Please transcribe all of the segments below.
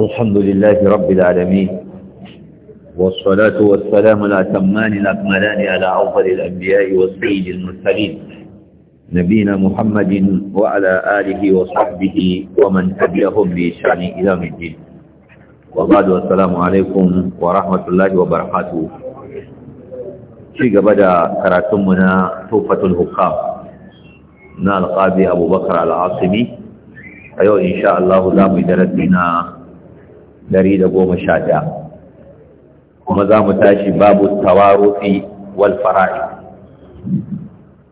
الحمد لله رب العالمين والصلاة والسلام الأتمان الأكملان على أفضل الأنبياء والسيد المرسلين نبينا محمد وعلى آله وصحبه ومن تبعهم بإشان إلى الدين وبعد والسلام عليكم ورحمة الله وبركاته شيء بدأ كراتمنا توفة الحكام نال قاضي أبو بكر العاصمي أيوة إن شاء الله لا مدرسنا dari da goma sha ɗaya kuma za mu tashi babu tawarufi wal fara'i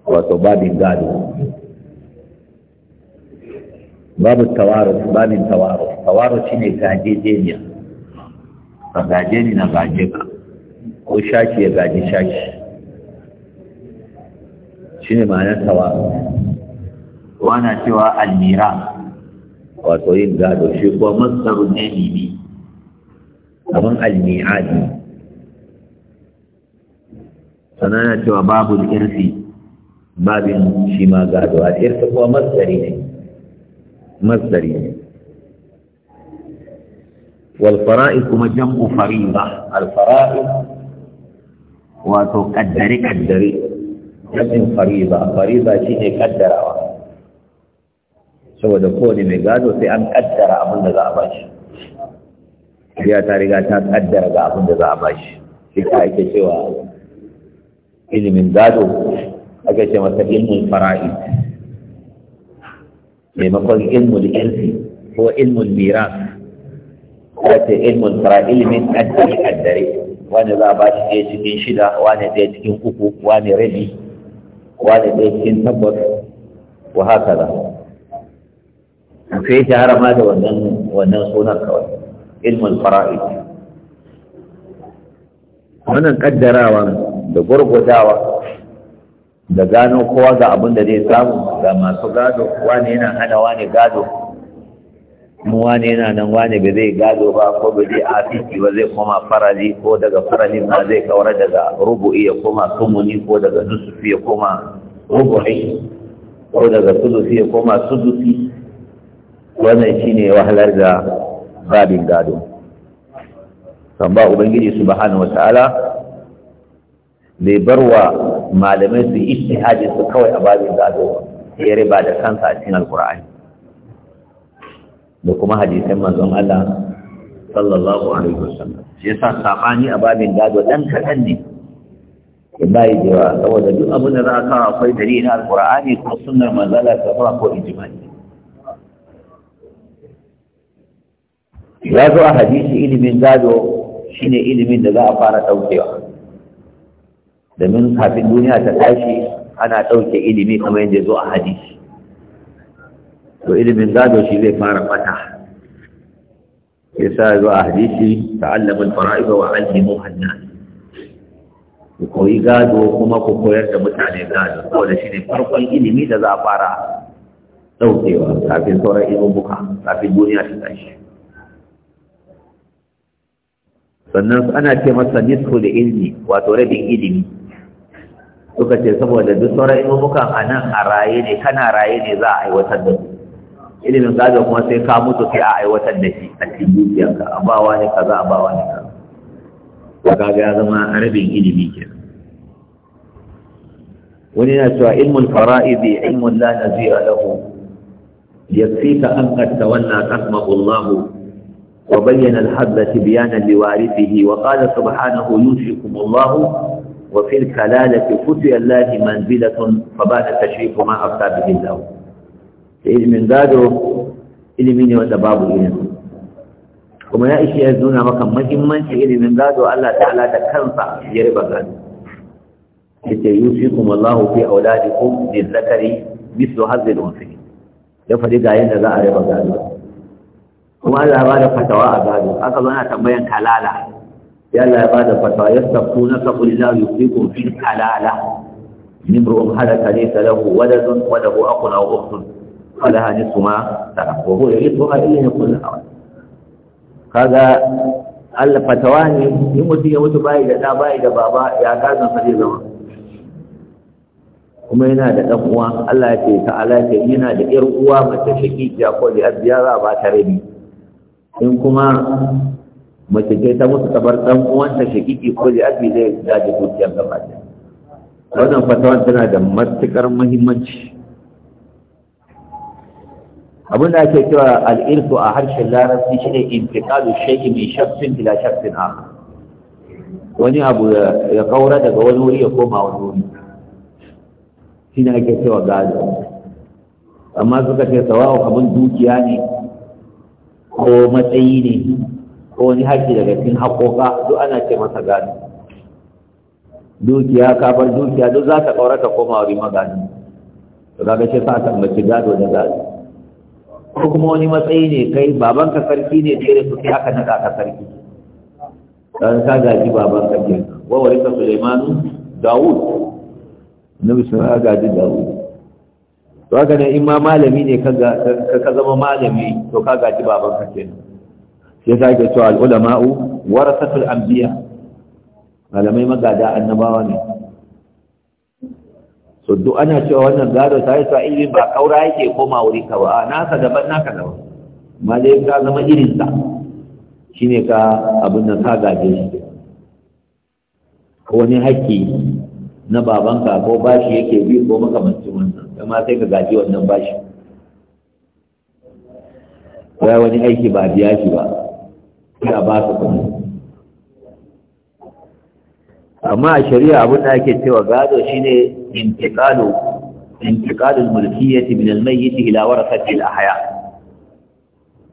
wato babin gado babu tawarufi babin tawarufi tawaruf shine jeniya ka gaje ni na gaje ka ko shaki ya gaji shaki shine ma'anar tawarufi wana cewa almira wato yin gado shi kuwa masdaru ne mimi abin almi'adi sannan yana cewa babu irfi babin shi ma gadawa irfi kuwa matsari ne matsari ne walfara'i kuma jam'u fariba alfara'i wato kaddare kaddare kaddin fariba fariba shi ne kaddarawa saboda kowane mai gado sai an kaddara abin da za a ba shi shari'a ta riga ta kaddara ga abin da za a bashi shi ka ake cewa ilimin gado ake ce masa ilmul fara'i maimakon ilmul ilfi ko ilmul mira ta ce ilmul fara'id ilimin kaddare kaddare wani za a bashi ɗaya cikin shida wani ɗaya cikin uku wani rabi wani ɗaya cikin tabbas wa haka za. Sai shahara ma da wannan sunan kawai. ilmin fara'id wannan kaddarawa da gurgudawa da gano kowa ga abin da zai samu ga masu gado wani yana hana wane gado wane yana nan wani ba zai gado ba ko ba zai afiki ba zai koma farali ko daga farali ma zai kawar daga rubu'i ya koma sumuni ko daga nusufi ya koma rubu'i ko daga sudufi ya koma sudufi wannan shine wahalar da babin gado kan ba ubangiji subhanahu wata'ala bai bar wa malamai su istihadi su kawai a babin gado ya riba da kansa a cikin alkur'ani da kuma hadisan manzon Allah sallallahu alaihi wasallam shi yasa sabani a babin gado dan kadan ne ya bai da saboda duk abin da za ka akwai dalilin alkur'ani ko sunnar manzala ta ko ijma'i ya zo a hadisi ilimin gado shine ilimin da za a fara ɗaukewa domin kafin duniya ta tashi ana ɗauke ilimi kamar yadda zo a hadisi to ilimin gado shi zai fara fata sa zo a hadisi ta'allamin al-fara'iba wa al'imu hanna ku koyi gado kuma ku koyar da mutane gado saboda shi ne farkon ilimi da za a fara ɗaukewa kafin sauran ilimin buka kafin duniya ta tashi sannan ana ce masa da ilmi wato rabin ilimi suka ce saboda duk sauran ilmukan a nan a raye ne kana raye ne za a aiwatar da su ilimin gado kuma sai ka mutu sai a aiwatar da shi a cikin dukiyarka a bawa ne za a bawa Wani kaza to kaga ya zama rabin ilimi kenan wani na cewa ilmul fara'idi ilmun la nazira lahu yakfika an qad wannan qasmahu Allahu وبين الحبة بيانا لوارثه وقال سبحانه ينشئكم الله وفي الكلالة فتي الله منزلة فبان تشريف ما أفتى به الله إذ من ذاده إذ من وتباب إذن كما يأشي أزدونا مكان مهما إذ من ذاده الله تعالى تكنفع يربا كان يوشيكم الله في أولادكم للذكر مثل حظ الأنثى يفرق عين ذا أربا كان kuma Allah ya bada fatawa a gado aka zo na tambayan kalala ya Allah ya bada fatawa sabu na sabu la yufikum fi kalala hada nimru'un halaka laysa lahu sun wa lahu akhun aw ukhtun falaha nisfu ma tarak wa huwa yarithuha in yakun lahu kaga Allah fatawa ne in mutum ya mutu bayi da da bayi da baba ya gadon sa zai zama kuma yana da ɗan uwa Allah ya ce ta'ala ya ce yana da ƴar uwa mace shakikiya ko da abiya za a ba ta rabi in kuma mace ce ta mutu tabar dan uwanta shakiki ko da abi zai gaji dukiyar gaba ɗaya wannan fatawan tana da matuƙar muhimmanci abin da ake cewa al'irku a harshen larabci shi ne intikalu shayi mai shafin ila shafin a wani abu ya kaura daga wani wuri ya koma wani wuri shi ne ake cewa gado amma suka ce sawawa kamar dukiya ne ko matsayi ne ko wani haƙi daga cikin haƙoƙa duk ana ce masa gani? dukiya ka bar dukiya duk za ta ƙaura ta koma wuri magani to kaga shi sa ta mace gado da gado ko kuma wani matsayi ne kai babanka sarki ne da suke haka na ka sarki dan ka gaji babanka ke wa warisa Sulaimanu Dawud nabi sun gaji Dawud to haka ne in ma malami ne ka zama malami to ka gaji baban ka kenan sai ta ke cewa al'ulama'u warasatul anbiya malamai magada annabawa ne so duk ana cewa wannan gado ta yi cewa ilimin ba kaura yake koma wuri ka ba naka daban naka daban ma dai ka zama irinsa shine ka abin nan ka gaje shi ne haƙƙi na babanka ko bashi yake bi ko makamancin wannan kama sai ka gaji wannan bashi ya wani aiki ba biya shi ba ya ba su kuma amma a shari'a abin da ake cewa gado shine intiqalu intiqalul mulkiyyati min al-mayyit ila warathati al-ahya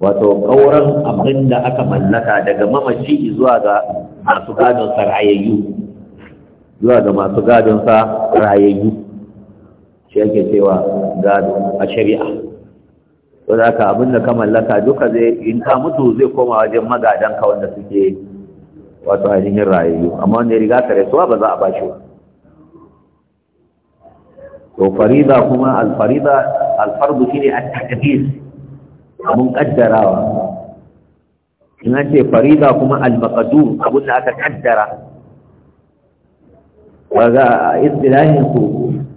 wato kauran abin da aka mallaka daga mamaci zuwa ga masu gadon sarayayyu zuwa ga masu gadonsa rayayyu shi ake cewa gado a shari'a wadda aka abin da ka mallaka duka zai in ka mutu zai koma wajen magadanka wanda suke wato ainihin rayayyu amma wanda ya riga ka rasuwa ba za a ba shi to farida kuma alfarida shi shine at-taqdir abun kaddarawa in an ce farida kuma al-maqdur abun da aka kaddara kaga a istilahin su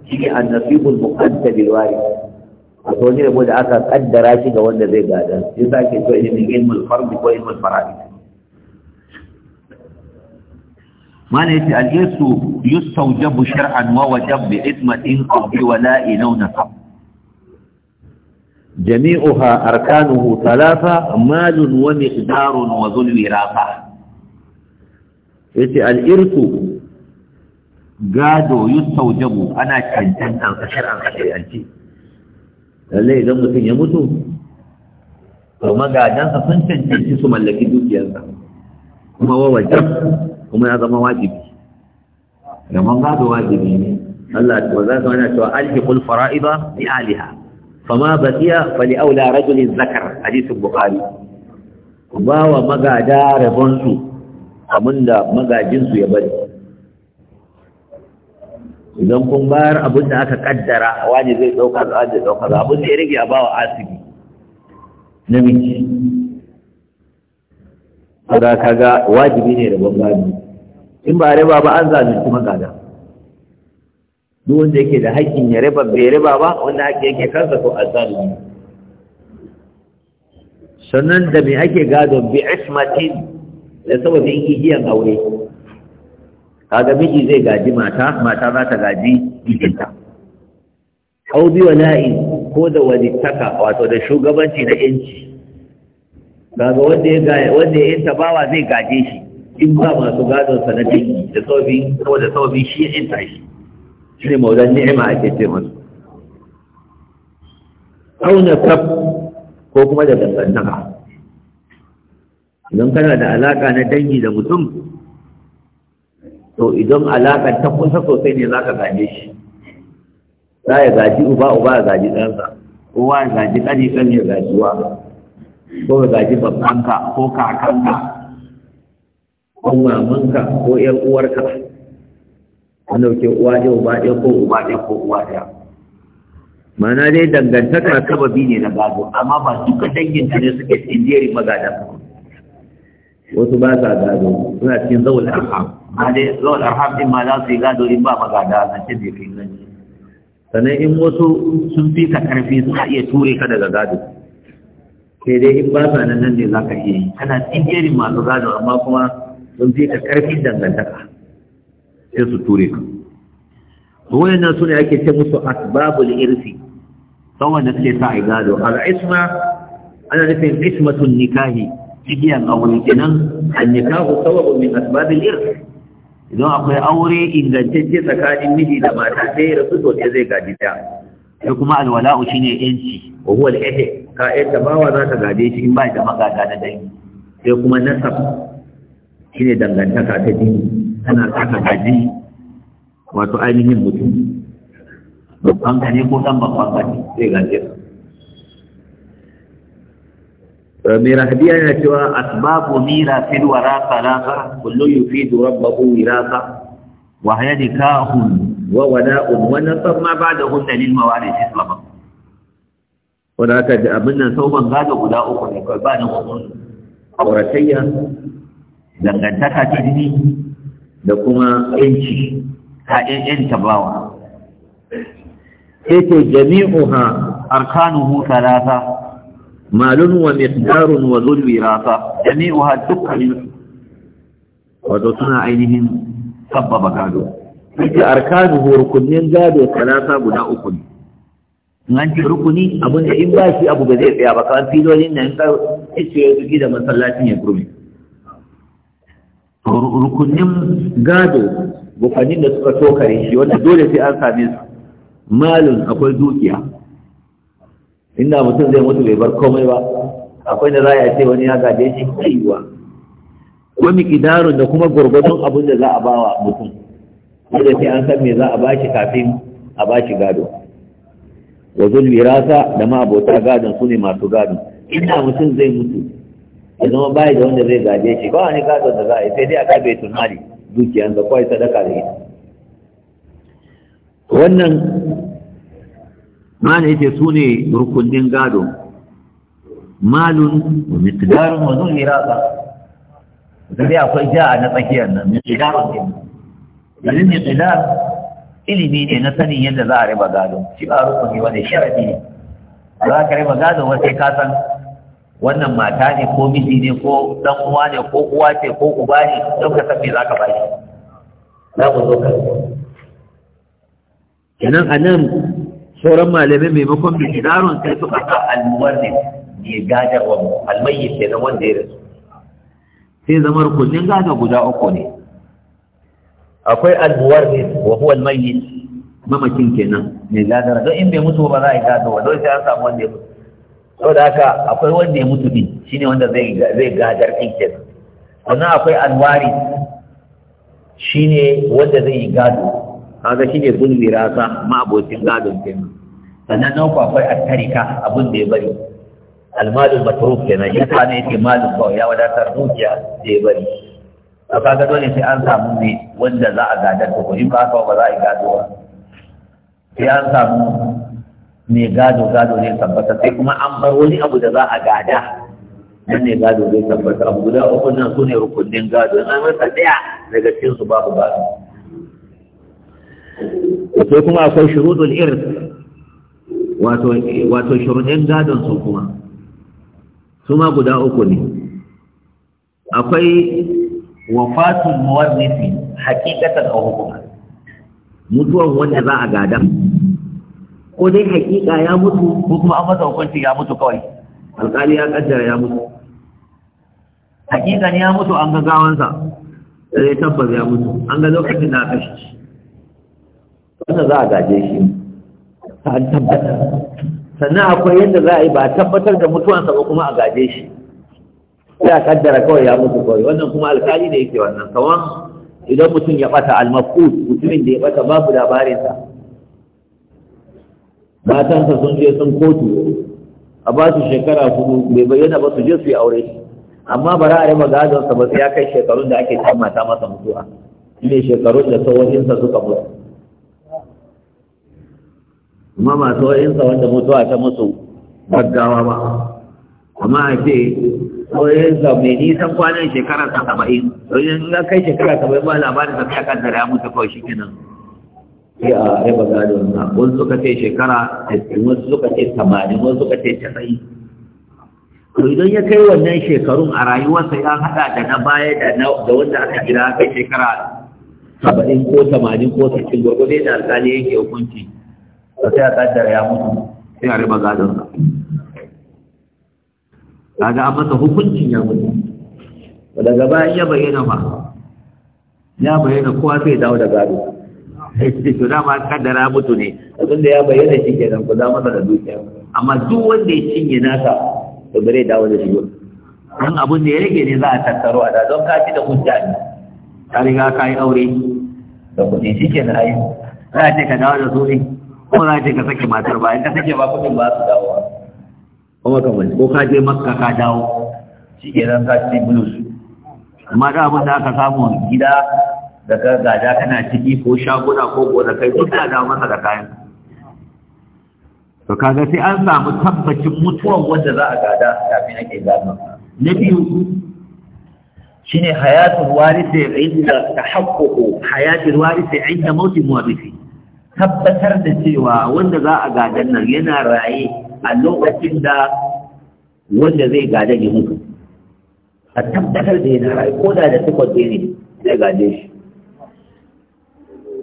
shi annasibul muqaddal bil warith wato a soji da aka kaddara shi ga wanda zai gada sai za ke so ilimin ilmul fardi ko ilmul fara'id mana yace al-irsu yustawjabu shar'an wa wajab bi ismatin qabli wa la ilauna sab jami'uha arkanuhu thalatha malun wani miqdarun wa dhul wirafa yace al-irsu gado saujabu ana cancan a kashar an shari'ance lalle idan mutum ya mutu to magadansa sun cancanci su mallaki dukiyarsa kuma wawajen kuma ya zama wajibi gaban gado wajibi ne Allah ta za ta wani cewa alhiqul fara'iba bi aliha fama baqiya fali aula rajulin zakar hadisin bukhari ba wa magada rabonsu abinda magajinsu ya bari idan kun bayar abin da aka kaddara wani zai ɗauka a wani ɗauka za abin da ya rage a bawa asibi namiji kaga kaga wajibi ne da bangare in ba riba ba an zalunci magada duk wanda yake da haƙƙin ya riba bai riba ba wanda haƙƙi yake kansa ko a zalunci sannan da me ake gadon bi ismatin da saboda yin igiyan aure kaga miji zai gaji mata mata za ta gaji mijinta aw bi wala'i ko da walittaka wato da shugabanci na yanci kaga wanda ya ga wanda ya yanta bawa zai gaje shi in ba masu gadon sa na da saubi ko da saubi shi ya yanta shi shine maulan ni'ima ake ce mun Auna na kaf ko kuma da dangantaka idan kana da alaka na dangi da mutum to idan alaƙar ta kusa sosai ne za ka gaje shi za ya gaji uba uba ya gaji ɗansa ko ya gaji ɗani ɗan ya gaji wa ko ya gaji babbanka ko kakanka ko mamanka ko ƴan uwarka wanda ke uwa ɗaya uba ɗaya ko uba ɗaya ko uwa ɗaya Mana dai dangantaka sababi ne na gado amma ba duka danginta ne suke tsindiyar magadan wasu ba sa gado suna cikin a arham ba dai zuwa arham din ma za su yi gado in ba magada a ce da fi gani sannan in wasu sun fi ka karfi suna iya ture ka daga gado sai dai in ba sa nan ne za ka iya yi kana tsigerin masu gado amma kuma sun fi ka karfi dangantaka sai su ture ka wayannan su ne ake ce musu asbabul irsi saboda suke sa a gado al'isma ana nufin ismatun nikahi igiyan aure kenan an nikahu sababu min asbabil irs idan akwai aure ingantacce tsakanin miji da mata sai ya rasu sosai zai gaji ta sai kuma alwala'u ne yanci wa huwa al-ahd ka bawa za ka gaje shi in ba da magada na dangi sai kuma nasab shine dangantaka ta jini tana saka gaji wato ainihin mutum babban ka ne ko dan babban ka ne zai gaje ka mirahdiya yana cewa asbabu mira fil wara salasa kullu yufidu rabbahu wirasa wa hayanikahun wa wada'un wa san ma ba'dahun lil mawarith islam wanda aka ji abin nan ban gado guda uku ne kawai ba da hukun auratayya dangantaka ta jini da kuma yanci ta yan tabawa sai ce arkanu hu talata malun wa miqdarun wa zul wirasa jami'uha dukkanin wato suna ainihin sabbaba gado yake arkanu rukunin gado talata guda uku ne in an ce rukuni abin da in ba shi abu ba zai tsaya ba kawai filolin nan in ka ce ya zuki da masallacin ya kurmi rukunin gado bukanin da suka tokare shi wanda dole sai an same su malun akwai dukiya inda mutum zai mutu bai bar komai ba akwai da za a ce wani ya gaje shi kaiwa wani kidarun da kuma gwargwadon abin da za a ba wa mutum wanda sai an san me za a ba shi kafin a ba shi gado wa wirasa da ma abota gadon su ne masu gado inda mutum zai mutu ya zama baya da wanda zai gaje shi ba wani gado da za a yi sai dai a kabe tunani da kawai sadaka da ita wannan mana yake su ne rukunin gado malun wa miqdarun wa zulmiraqa zai akwai a na tsakiyar nan miqdarun ilmi miqdar ilimi ne na sanin yadda za a riba gado shi ba rukuni wani sharadi ne za ka riba gado wata ka san wannan mata ne ko miji ne ko dan uwa ne ko uwa ce ko uba ne don ka san me za ka ba shi za ku zo ka kenan a nan sauran malamai maimakon bi idarun sai suka sa almuwarrin ne wa almayi ke na wanda ya rasu sai zamar kullun gajar guda uku ne akwai almuwarrin wa huwa almayi mamakin kenan mai gajar don in bai mutu ba za a yi wa don sai an samu wanda ya mutu da haka akwai wanda ya mutu din shine wanda zai gajar gadar din kenan sannan akwai alwari shine wanda zai yi gado kaga shi ne sa ma abokin gadon kenan sannan nan akwai attarika abin da ya bari almalin matruf kenan shi ta ne yake malin kawai ya wadatar dukiya da ya bari A kaga dole sai an samu ne wanda za a gadar ta kuɗi ba haka ba za a yi gado ba sai an samu ne gado gado ne tabbata sai kuma an bar wani abu da za a gada nan ne gado zai tabbata abu guda uku nan su ne rukunin gado in an rasa ɗaya daga cikin su babu gado sai kuma akwai shurudul irin, wato wato shurudin gadon su kuma su ma guda uku ne akwai wafatul muwarrisi hakikatar a hukuma. mutuwan wanda za a gada ko dai haƙiƙa ya mutu ko kuma an masa hukunci ya mutu kawai alƙali ya kaddara ya mutu hakika ne ya mutu an ga gawansa sai eh, tabbas ya mutu an ga lokacin da aka shi wanda za a gaje shi ta tabbatar sannan akwai yadda za a yi ba tabbatar da mutuwansa ba kuma a gaje shi sai a kaddara kawai ya mutu kawai wannan kuma alkali ne yake wannan kawan idan mutum ya bata almafud mutumin da ya bata babu labarinsa matansa sun je sun kotu a ba su shekara hudu bai bayyana ba su je su yi aure amma bara a yi magadonsa ba sai ya kai shekarun da ake tamata masa mutuwa ne shekarun da yinsa suka mutu amma masu wa'insa wanda mutuwa ta musu gaggawa ba amma a ce wa'insa mai nisan kwanan shekara ta saba'in wajen ya kai shekara bai ba labarin da kai kaddara ya mutu kawai shi kenan sai a ba gado na wani suka ce shekara tattin wasu suka ce tamanin wasu suka ce casa'in to idan ya kai wannan shekarun a rayuwarsa ya haɗa da na baya da wanda aka gida kai shekara saba'in ko tamanin ko sittin gwargwado da alƙali yake hukunci sai a kaddar ya mutu sai a riba gadon sa kaga an masa hukuncin ya mutu daga bayan ya bayyana ba. ya bayyana kowa sai dawo da gado to dama kaddara mutu ne abin da ya bayyana shi ke nan ku za masa da dukiya amma duk wanda ya cinye nasa to bare dawo da shi don abin da ya rage ne za a tattaro a da don kaci da hujja ne ka riga ka yi aure da kuɗi shi ke na yi. za a ce ka dawo da su ne kuma za ce ka sake matar ba in ka sake ba kudin ba su dawo kuma ka ko ka je makka ka dawo shi ke nan ka ci blues amma da abin da aka samu gida da ka gada kana ciki ko shaguna ko kai duk da dawo masa da kayan to kaga sai an samu tabbacin mutuwan wanda za a gada kafin ake gado na biyu shine hayatul warith inda tahaqququ hayatul warith inda mautin muwarrithi tabbatar da cewa wanda za a gadan nan yana raye a lokacin da wanda zai gada ne mutu a tabbatar da yana raye ko da da tukwace ne zai gade shi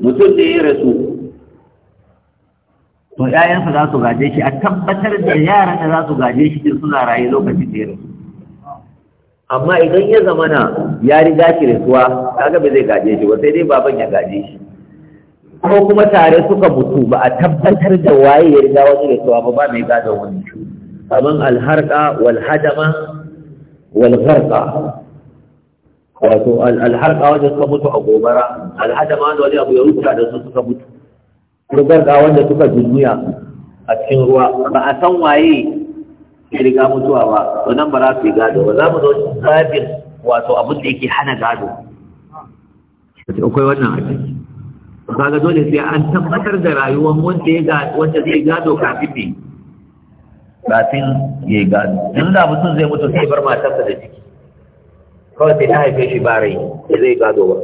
mutum da ya rasu to ‘ya'yansa za su gaje shi a tabbatar da yaran da za su gaje shi din suna raye lokacin da ya rasu amma idan ya zamana ya riga shi rasuwa kaga ba zai gaje shi ba sai dai baban ya gaje shi ko kuma tare suka mutu ba a tabbatar da waye ya riga wani da cewa ba ba mai gado wani kaman alharqa wal hadama wal wato alharqa wanda suka mutu a gobara alhadama wanda wani abu ya rubuta da su suka mutu ko wanda suka duniya a cikin ruwa ba a san waye ya riga mutuwa ba to nan ba za su yi gado ba za mu zo babin wato abin da yake hana gado akwai wannan a ciki kaga dole sai an tabbatar da rayuwar wanda ya wanda zai gado kafin ne kafin ya gado in da mutum zai mutu sai bar matarsa da ciki kawai sai ta haife shi ba rai zai gado ba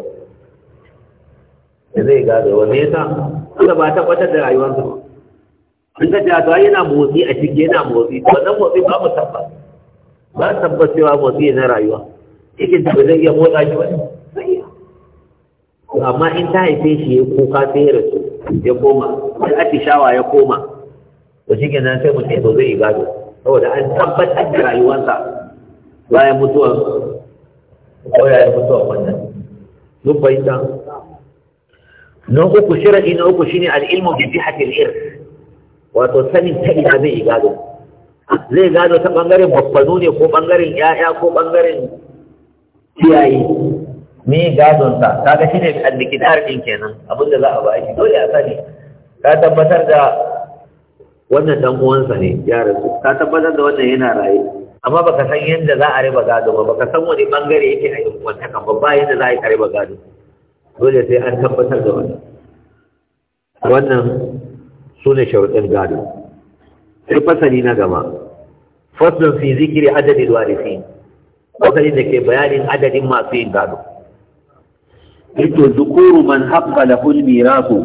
da zai gado ba me yasa kuma ba tabbatar da rayuwar ba in ka jata yana motsi a ciki yana motsi wannan motsi ba mu tabbata ba tabbacewa motsi na rayuwa cikin da zai iya motsa shi ba amma in ta haife shi ya kuka sai ya rasu ya koma sai shawa ya koma to shi kenan sai mutum to zai gado saboda an tabbatar da rayuwarsa bayan mutuwar bayan mutuwa wannan duk fahimta na uku shirari na uku shine al'ilmu bi jihatil irf wato sanin ta ina zai gado zai gado ta bangaren babbanu ne ko bangaren yaya ko bangaren kiyaye me gadonsa kaga shi ne allikidar ɗin kenan abinda za a ba shi dole a sani ka tabbatar da wannan dan uwansa ne ya rasu ka tabbatar da wannan yana raye amma baka san yadda za a riba gado ba baka san wani bangare yake a yin wata kan babba yadda za a yi ka riba gado dole sai an tabbatar da wannan wannan su ne sharuɗin gado sai fasali na gaba fasalin fi zikiri adadin warisi fasalin da ke bayanin adadin masu yin gado yake zukuru man haƙa lahu al-mirasu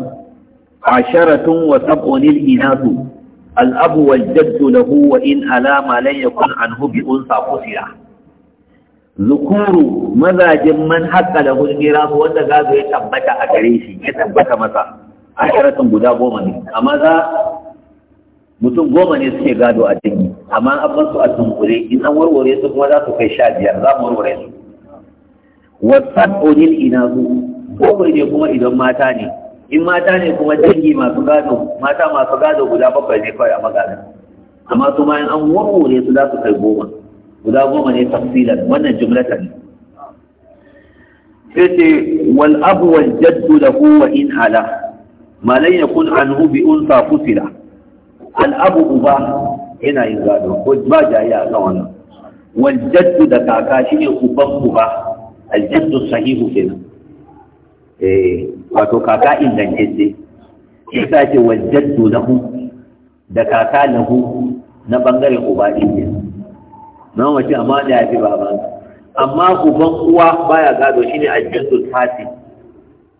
asharatun wa sab'un al-inasu al-abu wal jaddu lahu wa in alama lan yakun anhu bi unsa qusira zukuru mazajin man haƙa lahu al-mirasu wanda gado ya tabbata a gare shi ya tabbata masa asharatun guda goma ne amma za mutum goma ne suke gado a dangi amma an su a tunkure in an warware su kuma za su kai sha biyar za mu warware su wasan odin inazu bakwai ne kuma idan mata ne in mata ne kuma dangi masu gado mata masu gado guda bakwai ne kawai a magana amma su ma an warware su za su kai goma guda goma ne tafsilan wannan jumlata ne sai ce wal abu wal jaddu da wa in ala ma kun yakun anhu bi unsa fusila al abu uba yana yin gado ko ba jayya a kan wannan wal jaddu da kaka shi ne uban uba aljaddu sahihu kenan eh wato kaka ingantacce shi ta ce wajaddu lahu da kaka lahu na bangaren uba din ne na wace amma da ya fi baban amma uban uwa baya gado shine aljaddu tasi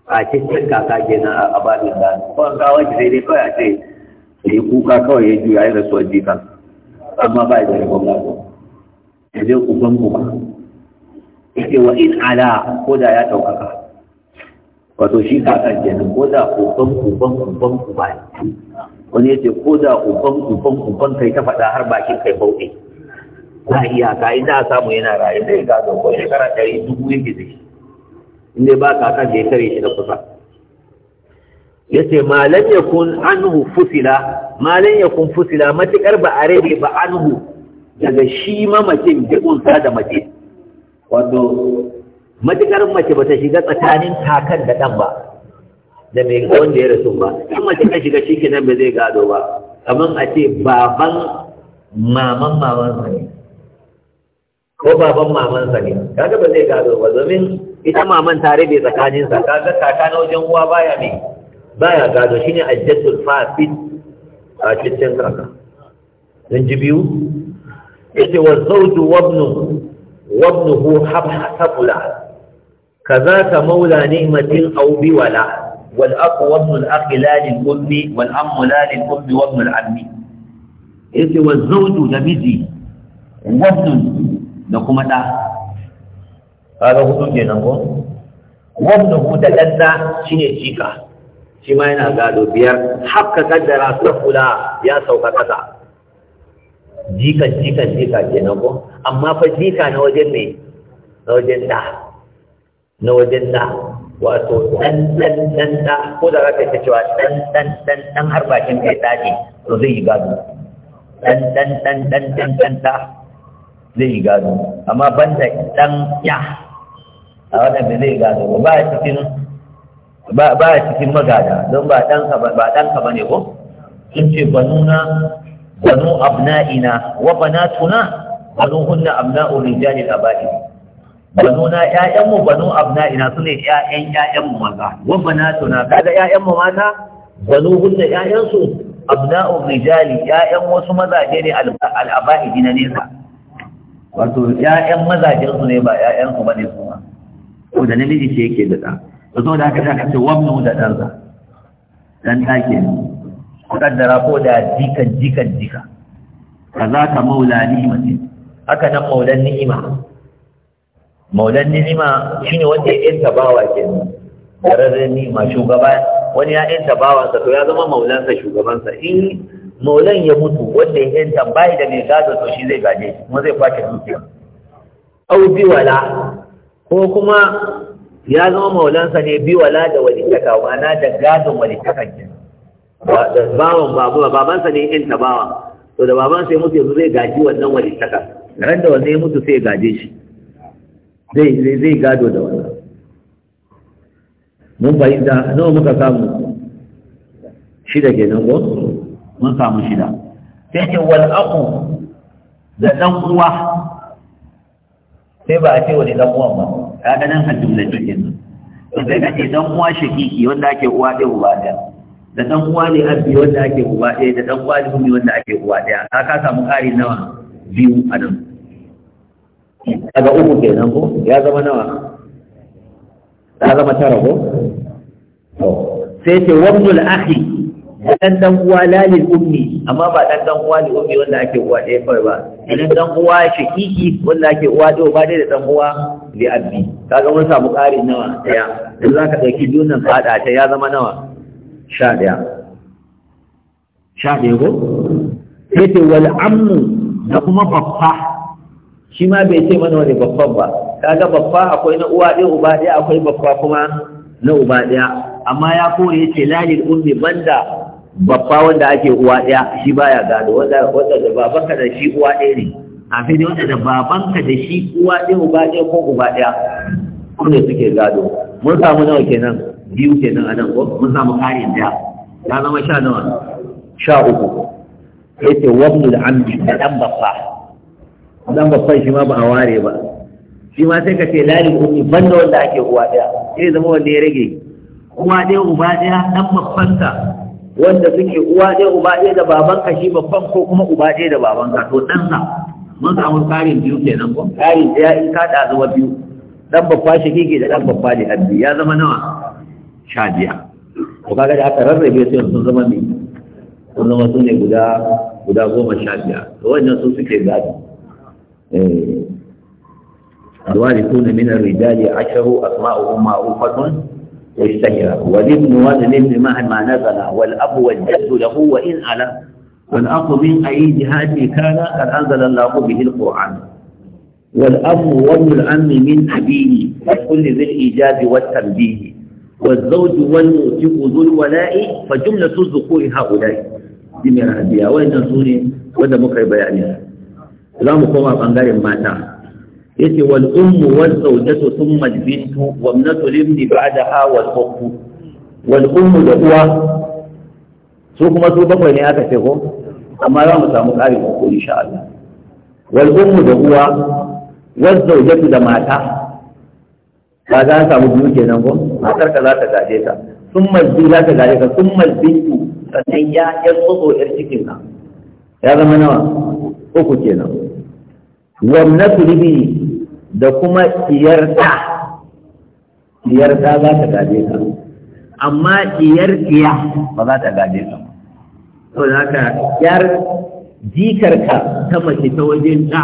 a cikin kaka kenan a babin da ko kawai sai dai kawai a ce sai kuka kawai ya juya ya rasuwar jikan amma ba ya da rikon gado ya je uban uba yake wa in ala ko da ya ɗaukaka wato shi ka aljanin ko da uban uban uban uba ne wani yace ko da uban uban uban kai ta faɗa har bakin kai bauɗe na iyaka in za samu yana raye zai gado ko shekara ɗari dubu yake da shi in dai ba ka kan da ya tare shi da kusa Ya ce malam yakun anhu fusila malam yakun fusila matikar ba a rabe ba anhu daga shi mamacin jibunsa da mace wato matukar mace ba ta shiga tsakanin kakan da ɗan ba da mai wanda ya rasu ba in mace ta shiga shi kenan ba zai gado ba kamar a ce baban maman sa ne ko baban mamansa ne kaga ba zai gado ba domin ita maman ta rabe tsakaninsa kaga kaka na wajen uwa baya ne baya gado shine ajjatul fasid a cikin kaka dan jibiu biyu yace wa zawju wa ibnu وابنه حبحبلا كذاك مولى نعمة أو بولا والأب وابن الأخ لا للأم والأم لا للأم وابن العم إذ والزوج نمزي وابن لكم دا هذا هو جنان وابن هو دلنا شنو شيكا shi ma yana gado biyar haka kaddara safula ya sauka kasa jika jika jika nan ko amma fa jika na wajen ne na wajen da na wajen da wato dan dan dan da ko da ka ce cewa dan dan dan dan har bakin kai tadi to zai yi gado dan dan dan dan dan dan da zai yi gado amma banda dan ya a wannan da zai gado ba cikin ba ba cikin magada don ba dan ka ba dan ka bane ko sun ce banuna banu abna'ina wa banatuna banu hunna abna'u rijalil aba'i banu na ƴaƴan mu banu abna'ina sune 'ya'yan ƴaƴan mu maza wa banatuna kaga ƴaƴan mu mata banu hunna ƴaƴan su abna'u rijali 'ya'yan wasu mazaje ne al-aba'i na nesa wato ƴaƴan mazajen su ne ba ƴaƴan su bane kuma. ko da namiji ce yake da ɗa to saboda haka da aka ce wabnu da ɗansa dan take. kaddara ko da jikan jikan jika kaza ka maula ni'imati haka nan maulan ni'ima maulan ni'ima shine wanda ya yanta bawa kenan ni ni'ima shugaba wani ya yanta sa to ya zama maulansa sa. in maulan ya mutu wanda ya yanta bai da mai gado to shi zai gaje kuma zai kwace dukiya au biwala ko kuma ya zama maulansa ne biwala da walittaka ma'ana da gadon walittakan kenan bawan babuwa babansa ne 'yanta tabawa to da baban sai mutu yanzu zai gaji wannan wani walittaka ran da wanne ya mutu sai ya gaje shi zai zai gado da wannan mun fahimta nawa muka samu shida kenan ko mun samu shida sai ce wal aqu da dan uwa sai ba a ce wani dan uwan ba ga nan haddin da kenan sai ka ce dan uwa shakiki wanda ake uwa ɗaya uba ɗaya da dan uwa ne abi wanda ake uba ɗaya da dan uwa ne ummi wanda ake uba ɗaya ka ka samu ƙari nawa biyu a nan daga uku kenan ko ya zama nawa ya zama tara ko sai ce wabnul akhi da dan dan uwa lalil ummi amma ba dan dan uwa ne ummi wanda ake uwa ɗaya kawai ba idan dan uwa shakiki wanda ake uwa ɗaya ba dai da dan uwa li abi ga mun samu ƙari nawa ɗaya idan zaka ɗauki biyun fada ta ya zama nawa sha ɗaya sha ɗaya ko sai ce wal da kuma babba shi ma bai ce mana wani babban ba kaga babba akwai na uwa ɗaya uba ɗaya akwai babba kuma na uba ɗaya amma ya kowa ya ce lalil ummi banda babba wanda ake uwa ɗaya shi baya gado wanda da babanka da shi uwa ɗaya ne a fi wanda da babanka da shi uwa ɗaya uba ɗaya ko uba ɗaya kuma suke gado mun samu nawa kenan biyu ke nan nan ko mun samu ƙarin da ya zama sha nawa sha uku ya ce da amdi da ɗan baffa ɗan baffan shi ma ba a ware ba shi ma sai ka ce lalin uku da wanda ake uwa ɗaya sai zama wanda ya rage uwa ɗaya uba ɗaya ɗan baffanta wanda suke uwa ɗaya uba ɗaya da babanka shi babban ko kuma uba ɗaya da babanka to sa mun samu ƙarin biyu nan ko ƙarin ɗaya in ka ɗazuwa biyu dan babba kike da dan babba ne abbi. ya zama nawa sha biyar to kaga da aka rarrabe su sun zama ne sun zama su ne guda guda goma sha biyar to wannan su suke gadi الوارثون من الرجال عشر أسماؤهم معروفة واشتهرة والابن والابن مهما نزل والأب والجد له وإن ألا والأخ من أي جهاد كان قد أنزل الله به القرآن والأب وابن الأم من أبيه وكل ذي الإيجاب والتنبيه والزوج والمؤتق ذو الولاء فجملة الذكور هؤلاء جميع الأنبياء وإن سوني وإذا مكر بياني لا مقوم بأنغار ماتا يتي والأم والزوجة ثم البنت وابنة الابن بعدها والأخت والأم لأوى su kuma su bakwai ne aka ce ko amma za mu samu ƙarin hukuri insha Allah wal ummu da uwa wal zawjatu da mata ka za an samu biyu kenan ko matar ka za ta gaje ta sun malbi za ta gaje ka sun malbi ku sannan ya yar tsotso yar cikin ka ya zama nawa uku kenan wamnatu libi da kuma iyarta iyarta za ta gaje ka amma iyar ɗiya ba za ta gaje ka to da haka yar jikarka ta mace ta wajen ɗa.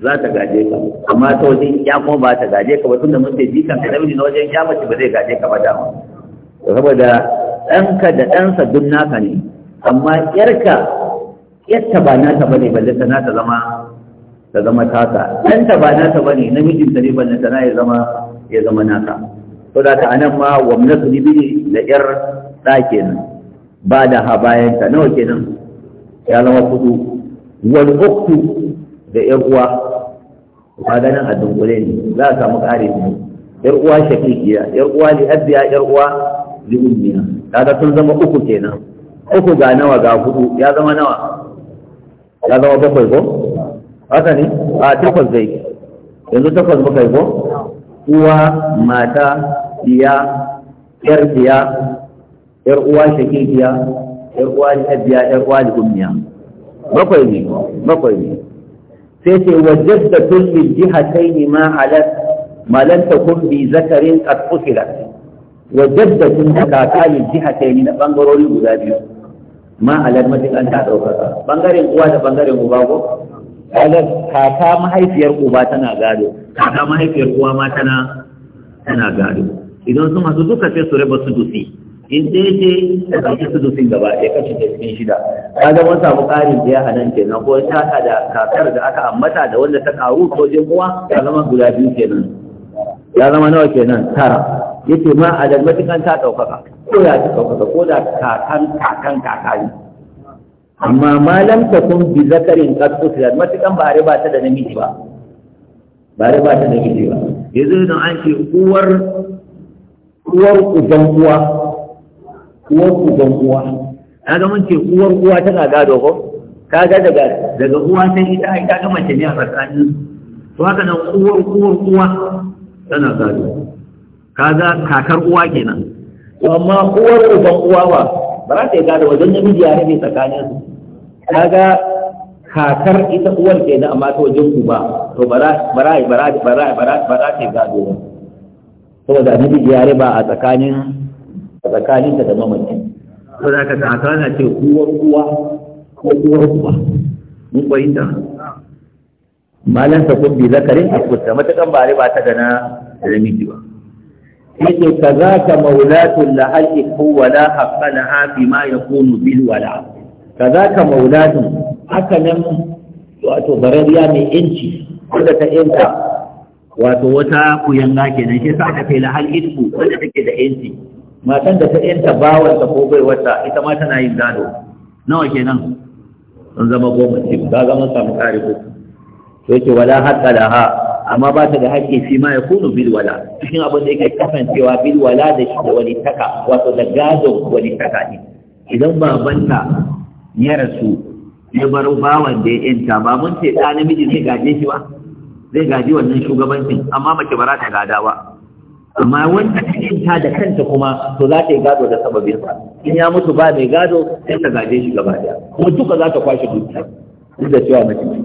za ta gaje ka amma ta wajen ya kuma ba ta gaje ka ba tunda mun ce jikan ka namiji na wajen ya mace ba zai gaje ka ba dama saboda ɗanka da ɗansa duk naka ne amma yarka yarta ba nata bane balle ta nata zama ta zama taka ɗanta ba nata bane ta ne balle ta na ya zama ya zama naka to da ta anan ma wamnatu libiri da yar ɗa kenan ba da ha ta nawa kenan ya zama kudu wal uktu da yar uwa ka ganin a dunkule ne za a samu ƙari ne yar uwa shakikiya yar uwa li abiya yar uwa li ummiya kaga sun zama uku kenan uku ga nawa ga hudu ya zama nawa ya zama bakwai ko haka ne a takwas zai yanzu takwas bakwai ko uwa mata iya yar biya, yar uwa shakikiya yar uwa li abiya yar uwa li ummiya bakwai ne bakwai ne sai ce wajen da tulli jihatai ne ma alas malanta kun bi zakarin ƙasƙusira wajen da kun da kakali jihatai ne na ɓangarori guda biyu ma alas matin an ta ɗaukaka ɓangaren uwa da ɓangaren uba ko kaga kaka mahaifiyar uba tana gado kaka mahaifiyar uwa ma tana tana gado idan sun hasu duka sai su raba su dusi in daidai da ɗauki sudufin gaba ɗaya kashe da cikin shida ka ga mun samu ƙarin da ya hanan kenan ko ta da kakar da aka ambata da wanda ta ƙaru ko jin kuwa? ya zama guda biyu kenan ya zama nawa kenan tara yace ma a dalmatikan ta ɗaukaka ko ya ta ɗaukaka ko da kakan kakan kakari amma malam ta kun bi zakarin kasuwa Dalmatikan ba a ta da namiji ba ba a ta da namiji ba yanzu idan an ce uwar uwar uban uwa uwar uban uwa kaga mun ce uwar uwa tana gado ko kaga daga daga uwa ta ita ai ga mace ne a tsakanin to haka nan uwar uwar uwa tana gado kaga kakar uwa kenan to amma uwar uban uwa ba ba za ta yi gado wajen namiji ya rabe tsakanin su kaga kakar ita uwar kenan amma ta wajen uba to ba za ba za ba za ba za ta yi gado ba saboda namiji ya ba a tsakanin tsakanin ka da mamaci ko za ka tsaka na ce uwar uwa ko uwar uba mun fahimta malan ta kun bi zakarin a kusa matakan ba ba ta da namiji ba yake ka za ka maulatun la halki ko wala haƙa na hafi ma ya kunu bil wala ka za ka maulatun haka nan wato barariya mai yanci wanda ta yanta wato wata kuyanga kenan shi sa aka kai la halki wanda take da yanci matan da ta yanta ta ko wata ita ma tana yin gado nawa kenan sun zama goma ce ba ga mun samu ƙari ko to yake wala haƙƙa da ha amma ba ta da haƙƙi fi ma ya kunu bil wala cikin abin da yake kasancewa bil wala da shi da wani taka wato da gado wani taka ne idan babanta ya rasu ya bar bawan da ya yanta ba mun ce da namiji zai gaje shi ba zai gaji wannan shugabancin amma mace ba za ta gada ba amma wanda ta kinta da kanta kuma to za ta yi gado da sababin sa in ya mutu ba mai gado sai ta gaje shi gaba daya kuma duka za ta kwashe dukiya duk da cewa mace ce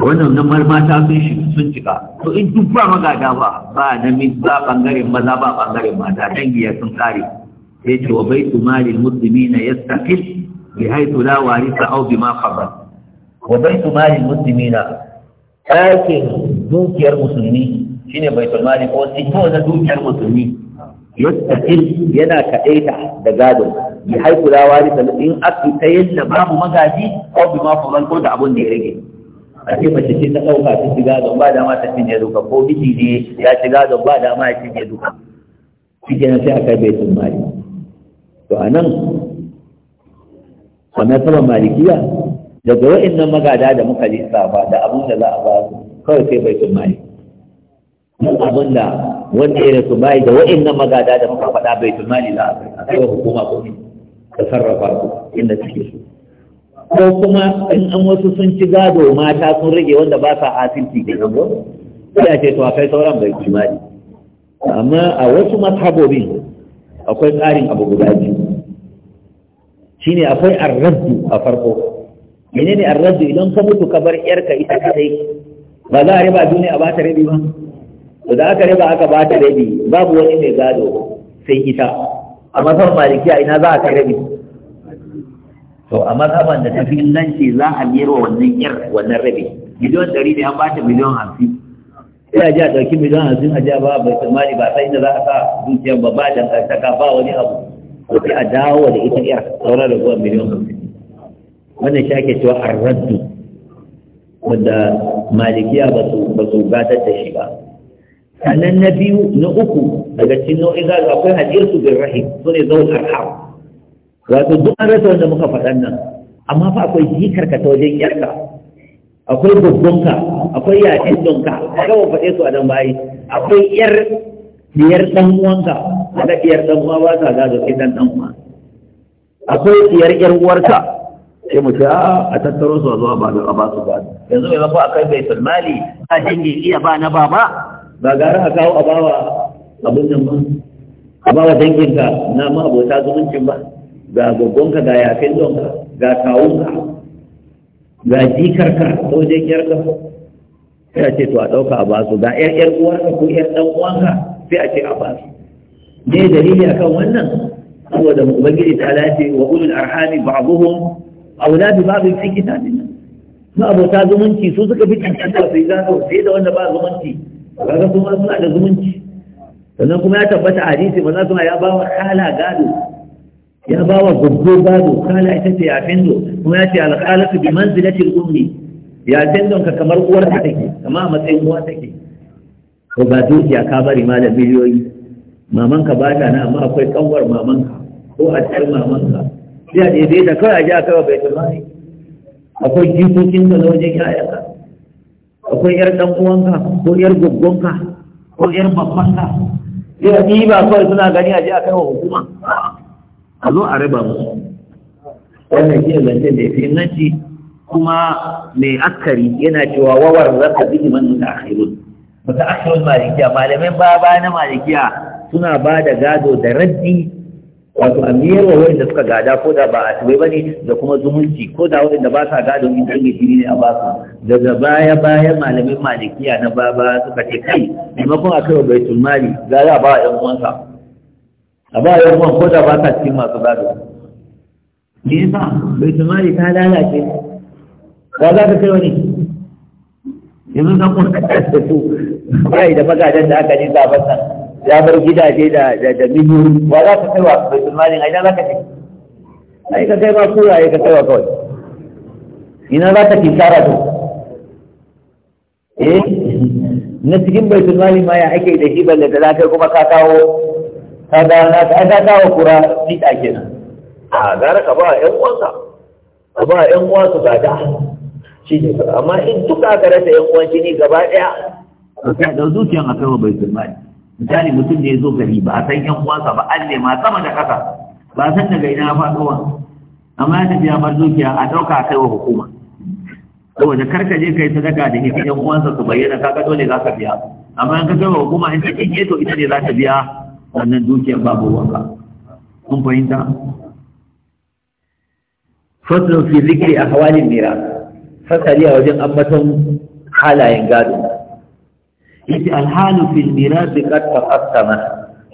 wannan nan mar mata sun shi sun cika to in duk ba magada ba ba namiji ba bangaren maza ba bangaren mata dangiya sun kare sai ce wa baitu malil muslimina yastaqil bi haythu la warisa aw bima qabala wa baitu malil muslimina ɗakin dukiyar musulmi shine bai mali ko sai ko na dukiyar musulmi yastaqil yana kadaita da gadon bi haiku da wani in aki ta yadda babu magaji ko bi ma fulan ko da abun da ya rage a ce mace ce ta dauka ta shiga don ba dama ta cinye duka ko biki ne ya shiga don ba dama ya cinye duka shi kenan sai aka bai mali to anan wannan saman malikiya daga nan magada da muka lissafa da abun da za a ba su kawai sai bai mali duk abin da wanda ya rasu bai da nan magada da muka faɗa bai mali za a kai hukuma ko ta sarrafa su inda suke so ko kuma in an wasu sun ci gado mata sun rage wanda ba sa asibiti da nan sai a ce to akai sauran bai mali amma a wasu mazhabobin akwai tsarin abu guda biyu shine akwai arraddu a farko menene arraddu idan ka mutu ka bar yarka ita kadai ba za a riba duniya ba ta rabi ba to da aka riba aka bata rabi babu wani mai gado sai ita a masar malikiya ina za a kai rabi to a mazhaban da tafi nan ce za a biyar wa wannan yar wannan rabi miliyon ɗari ne an bata miliyon 50 sai a ji a ɗauki miliyon hamsin a ji a ba bai tsammani ba sai inda za a sa dukiyar ba ba dangantaka ba wani abu ko sai a dawo da ita yar sauran zuwa miliyon hamsin wannan shi ake cewa arraddu wanda malikiya ba su gadar da shi ba sannan na biyu na uku daga cikin nau'in zaɓi akwai hajiyarsu bin rahim su ne zaun arham wato duk an rasa wanda muka faɗan nan amma fa akwai jikar ka ta wajen yarka akwai gugunka akwai yakin donka a gaban faɗe su a nan bayi akwai yar diyar ɗan uwanka a da diyar ɗan uwa ba ta gado idan ɗan uwa akwai diyar yar uwarka sai mu ce a tattaro su a zuwa ba a ba su ba yanzu mai mafi a kai bai sulmali ba dangin iya ba na baba ba gara a kawo abawa abin nan ba abawa dangin danginka na ma abota zumuncin ba ga ka, ga yafin ka, ga kawunka ga jikarka ko jirgiyarka sai a ce to a ɗauka a basu ga ƴar ƴar uwarka ko ƴar ɗan uwanka sai a ce a basu ne dalili akan wannan saboda ubangiji ta lafi wa ulul arhami ba'dhum aula bi ba'd fi kitabina ma abota zumunci su suka fi cancanta su yi gano sai da wanda ba zumunci kaga su ma suna da zumunci sannan kuma ya tabbata a hadisi za suna ya bawa kala gado ya bawa gobe gado kala ita ce ya findo kuma ya ce alqalatu bi manzilati al-ummi ya findo ka kamar uwar ta take kama a matsayin uwa take ko ba dukiya ka bari ma da biliyoyi mamanka ba ta na amma akwai kanwar mamanka ko a cikin mamanka sai a daidai da kawai a ji a kawai bai tumari akwai jikokin da na wajen yayanka akwai yar dan uwanka ko yar gaggonka ko yar babbanka ya ba kawai suna gani a je a kai wa hukuma a zo a raba musu wannan shi ne zancen da fi kuma mai askari yana cewa wawar zaka bihi man mutaakhirun mutaakhirun malikiya malamai ba ba na malikiya suna ba da gado da raddi wato a miyar wa wanda suka gada ko da ba a tuwai ba ne da kuma zumunci ko da wanda ba sa gado in dangi jini ne a ba su daga baya baya malamin malikiya na baba suka ce kai maimakon a kai wa baitul mali gara ba a yan uwansa a ba a yan uwan ko da ba sa cikin masu gado me yasa baitul mali ta lalace ba za ka kai wani yanzu zan kuma da su bai da magadan da aka ji zaben nan ya bar gidaje da da miliyoyi za ka kai wa baitul malin a za ka kai ai ka kai ba kura ai ka kai wa kawai ina za ka tinkara to eh na cikin bai malin ma ya ake da shi balle da za ka kuma ka kawo ka ga na ka kawo kura ni da kenan a gara ka ba ƴan uwansa ka ba ƴan uwansa da shi ne amma in duka ka rasa ƴan uwan jini gaba ɗaya ka ɗau dukiyan a kai wa baitul malin misali mutum da ya zo gari ba a san yan uwansa ba an ma sama da ƙasa ba san daga ina ya faɗowa amma ya tafi ya bar dukiya a ɗauka a kai wa hukuma to kar ka je kai sadaka da ita yan uwansa su bayyana kaga dole za ka biya amma in ka kai wa hukuma in ta kinye to ita ne za ta biya wannan dukiyar babu wanka kun fahimta fasalin fi zikiri a hawalin mira fasali a wajen ambaton halayen gado yace alhalu fil miras qad taqassama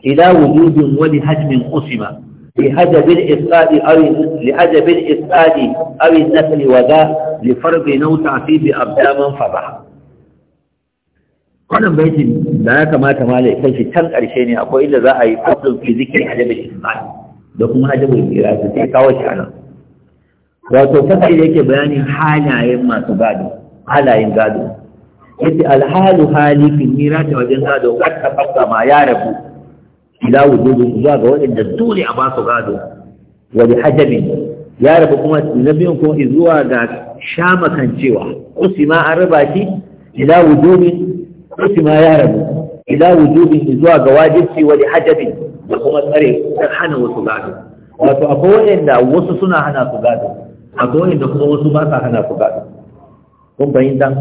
ila wujudin wa li hajmin qusima لهدب الإفقاد أو لهدب الإفقاد أو النقل وذا لفرض نوسع فيه أبداما فضحا wannan baitin da ya kamata malai kai shi can karshe ne akwai inda za a yi fasul fi zikin hajjabin ismail da kuma hajjabin iraki sai kawo shi anan wato fasali yake bayanin halayen masu gado halayen gado yace alhalu hali fil mirati wajen gado kad tafassa ma ya rabu ila wujudu zuwa ga wadanda dole a ba su gado wa li hajabin ya rabu kuma nabiyin kuma zuwa ga shama kan cewa usima an raba shi ila wujubin usima ya rabu ila wujubin zuwa ga wajibi wa li hajabin da kuma tsare kan hana wasu gado wato akwai wanda wasu suna hana su gado akwai wanda kuma wasu ba sa hana su gado kun fahimta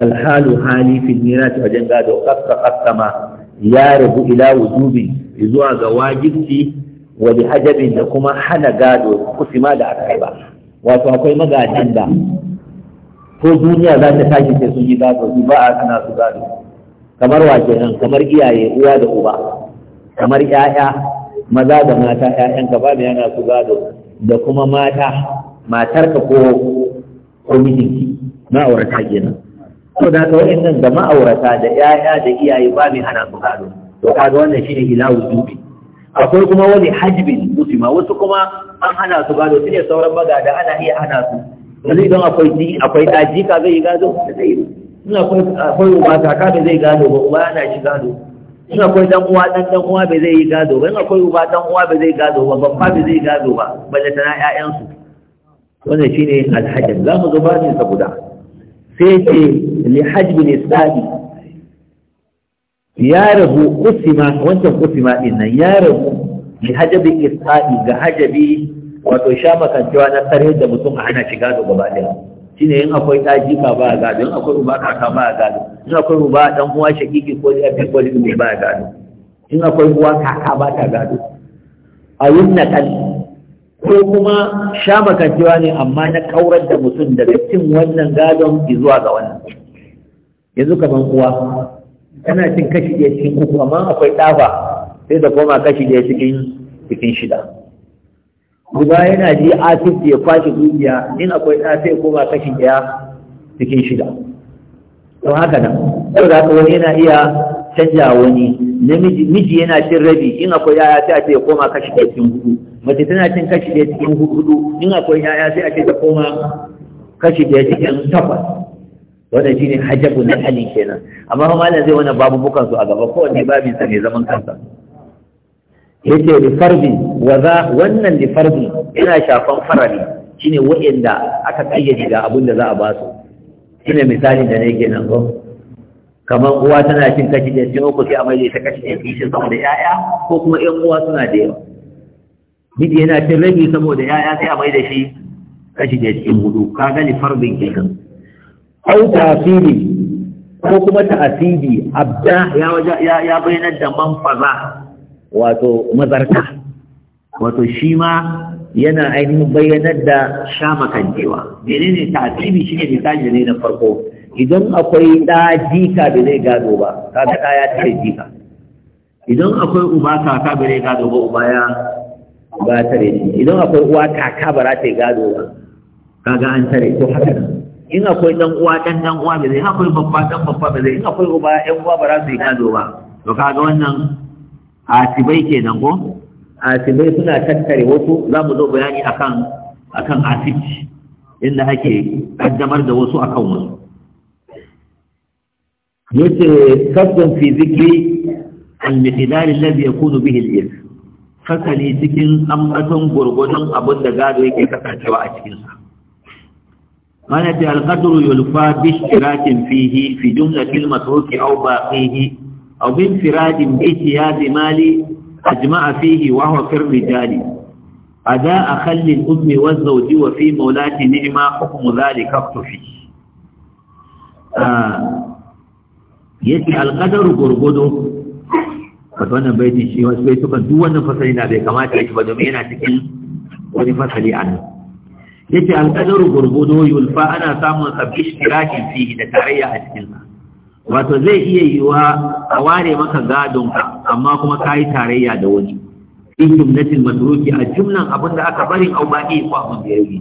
alhalu hali fil mirati wajen gado qassa ya rabu ila wujubi zuwa ga wajibci wa bi da kuma hana gado kusima da aka ba wato akwai magadan da ko duniya za ta tashi sai sun yi gado ba a kana su gado kamar wace nan kamar iyaye uwa da uba kamar 'ya'ya maza da mata 'ya'yanka babu yana su gado da kuma mata matarka ko ko mijinki ma'aurata kenan to da ka nan da ma'aurata da ƴaƴa da iyaye ba mai hana su gado to kaga wannan shine hilawu dubi akwai kuma wani hajbin musima wasu kuma an hana su gado su ne sauran magada ana iya hana su yanzu idan akwai ji akwai daji ka zai gado da zai yi in akwai uba ta ka zai gado ba uba yana shi gado in akwai dan uwa dan dan uwa bai zai yi gado ba in akwai uba dan uwa bai zai gado ba babba bai zai gado ba balle tana ƴaƴansu wannan shine alhajin za mu gabatar da guda sai ce li hajmin isabi ya rabu kusima wancan kusima din nan ya rabu li hajabi isabi ga hajabi wato sha makancewa na tsare da mutum a hana shiga da gaba shi ne in akwai ɗaji ka ba gado in akwai ruba kaka ba gado in akwai ruba ɗan uwa shakiki ko da ɗan ko ba a gado in akwai uwa kaka ba ta gado a yunna kan ko kuma sha makancewa ne amma na kaurar da mutum daga cin wannan gadon zuwa ga wannan yanzu ka ban uwa kana cin kashi ɗaya cikin uku amma akwai ɗafa sai da koma kashi ɗaya cikin cikin shida guda yana ji asif ya kwashe dukiya in akwai ɗafa sai koma kashi ɗaya cikin shida don haka nan yau da haka wani yana iya canja wani namiji miji yana cin rabi in akwai yaya sai a ce ya koma kashi ɗaya cikin hudu mace tana cin kashi ɗaya cikin hudu in akwai yaya sai ake ta koma kashi ɗaya cikin takwas wannan shine hajabu na hali kenan amma kuma malam zai wani bukan su a gaba kowanne babin sa ne zaman kansa yace li fardi wa za wannan li fardi yana shafan farali shine wa'inda aka kayyade ga abin da za a ba su shine misalin da nake nan ko kamar uwa tana cin kashi da cin uku sai a mai ta kashi da kishin saboda yaya ko kuma ƴan uwa suna da yawa miji yana cin rabi saboda ya'ya sai a mai da shi kashi ne cikin hudu ka gani farbin kenan au tasiri ko kuma tasiri abda ya waje ya bayyana da manfaza wato mazarta wato shi ma yana ainihin bayyanar da sha makancewa menene tasiri shine misali ne na farko idan akwai da jika da zai gado ba kaga da ya jika idan akwai uba ka ba gado ba uba ba tare shi idan akwai uwa kaka ba za ta yi gado ba kaga an tare ko haka nan in akwai dan uwa dan dan uwa ba zai akwai babba dan babba ba zai in akwai uba yan uwa ba za su yi gado ba to kaga wannan asibai kenan ko asibai suna tattare wasu za mu zo bayani akan akan asibi inda ake kaddamar da wasu akan wasu yace sabbin fi zikri al-miqdar alladhi yakunu bihi al-irth kasani cikin ambaton gurgudun abin da gado yake kasancewa a cikinsa mana ta alƙadar yulfa shirakin fihi fi jumlatil masrufi aw baqihi aw bin firadin bi tiyazi mali ajma'a fihi wa huwa fi rijali ada akhalli ummi wa zawji wa fi mawlati ni'ma hukm dhalika aktufi ah, yace alqadar gurgudu wato wannan baitin shi wasu bai duk wannan fasali na bai kamata ya yi ba domin yana cikin wani fasali a nan yace alƙadaru gurgudo yulfa ana samun sabbi ishtirakin fihi da tarayya a cikin sa wato zai iya yiwa a ware maka gadon ka amma kuma kai tarayya da wani in jumlatil matruki a jumlan abin da aka bari au baqi ko abin da ya rage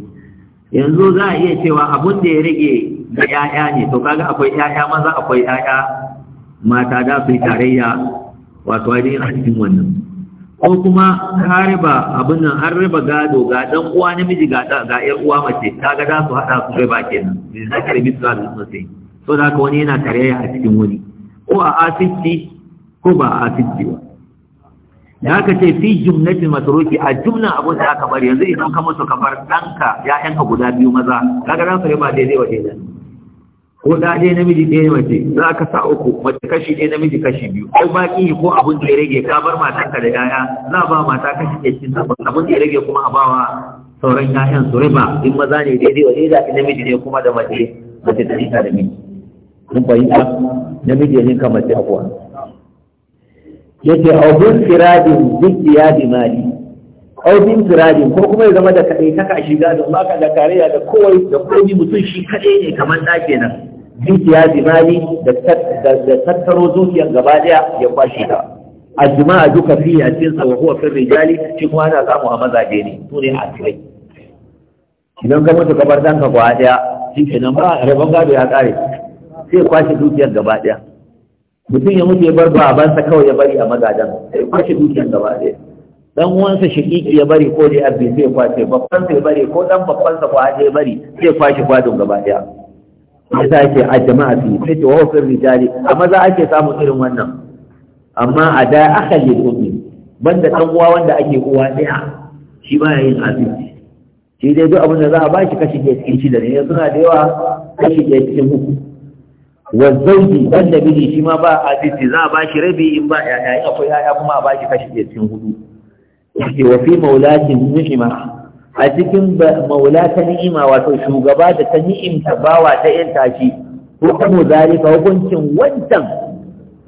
yanzu za a iya cewa abin da ya rage ga 'ya'ya ne to kaga akwai 'ya'ya maza akwai 'ya'ya mata da su tarayya wato ainihin a cikin wannan ko kuma ka riba abin nan an riba gado ga dan uwa namiji ga ga yar uwa mace ta ga za su hada su riba kenan bi zakar bi sal sai so da ka wani yana tarayya a cikin wani ko a asibiti ko ba a asibiti ba da aka ce fi jumlati masruki a jumla abun da aka bari yanzu idan ka musu ka bar danka yanka guda biyu maza kaga za su riba daidai ba daidai ko da ɗaya namiji ɗaya mace za ka sa uku mace kashi ɗaya namiji kashi biyu ko baki ko abin da ya rage ka bar matanka da yaya za ba mata kashi ɗaya cikin sabon abin da ya rage kuma a bawa sauran yayan su riba in maza ne daidai wa daidai namiji ne kuma da mace mace ta ita da miji kun fahimta namiji ne ninka mace a kuwa yace abin firadin ya bi mali aubin firadin ko kuma ya zama da kaɗai ta kashi gadon ba ka da kariya da kowai da komi mutum shi kaɗai ne kamar ɗa kenan zuciya jimali da tattaro zuciya gaba daya ya kwashe ta jima'a duka fi a cikin sa wa huwa fi rijali shi kuma ana samu a mazaje ne to ne a tsirai idan ka mutu kabar danka gaba daya shi nan ba rabon gado ya kare sai kwashe dukiyar gaba daya mutum ya mutu ya bar babansa kawai ya bari a mazajen sai kwashe dukiyar gaba daya dan uwansa shakiki ya bari ko dai abin sai kwashe babban sai bari ko dan babban sa kwa ya bari sai kwashe kwadon gaba daya yasa ake a jama'a fi sai ce wa huwa rijali a maza ake samun irin wannan amma a da akhal lil ummi banda ɗan uwa wanda ake uwa ɗaya shi ba yin asibiti shi dai duk abin da za a ba shi kashi ke cikin shida ne suna da yawa kashi ke cikin uku wa zauji da miji shi ma ba asibiti za a ba shi rabi in ba ya'ya akwai ya kuma a ba shi kashi ke cikin hudu yake wa fi maulatin muhimma a cikin maula ta ni'ima wato shugaba da ta ni'imta bawa ta yin tashi hukumu zalika hukuncin wancan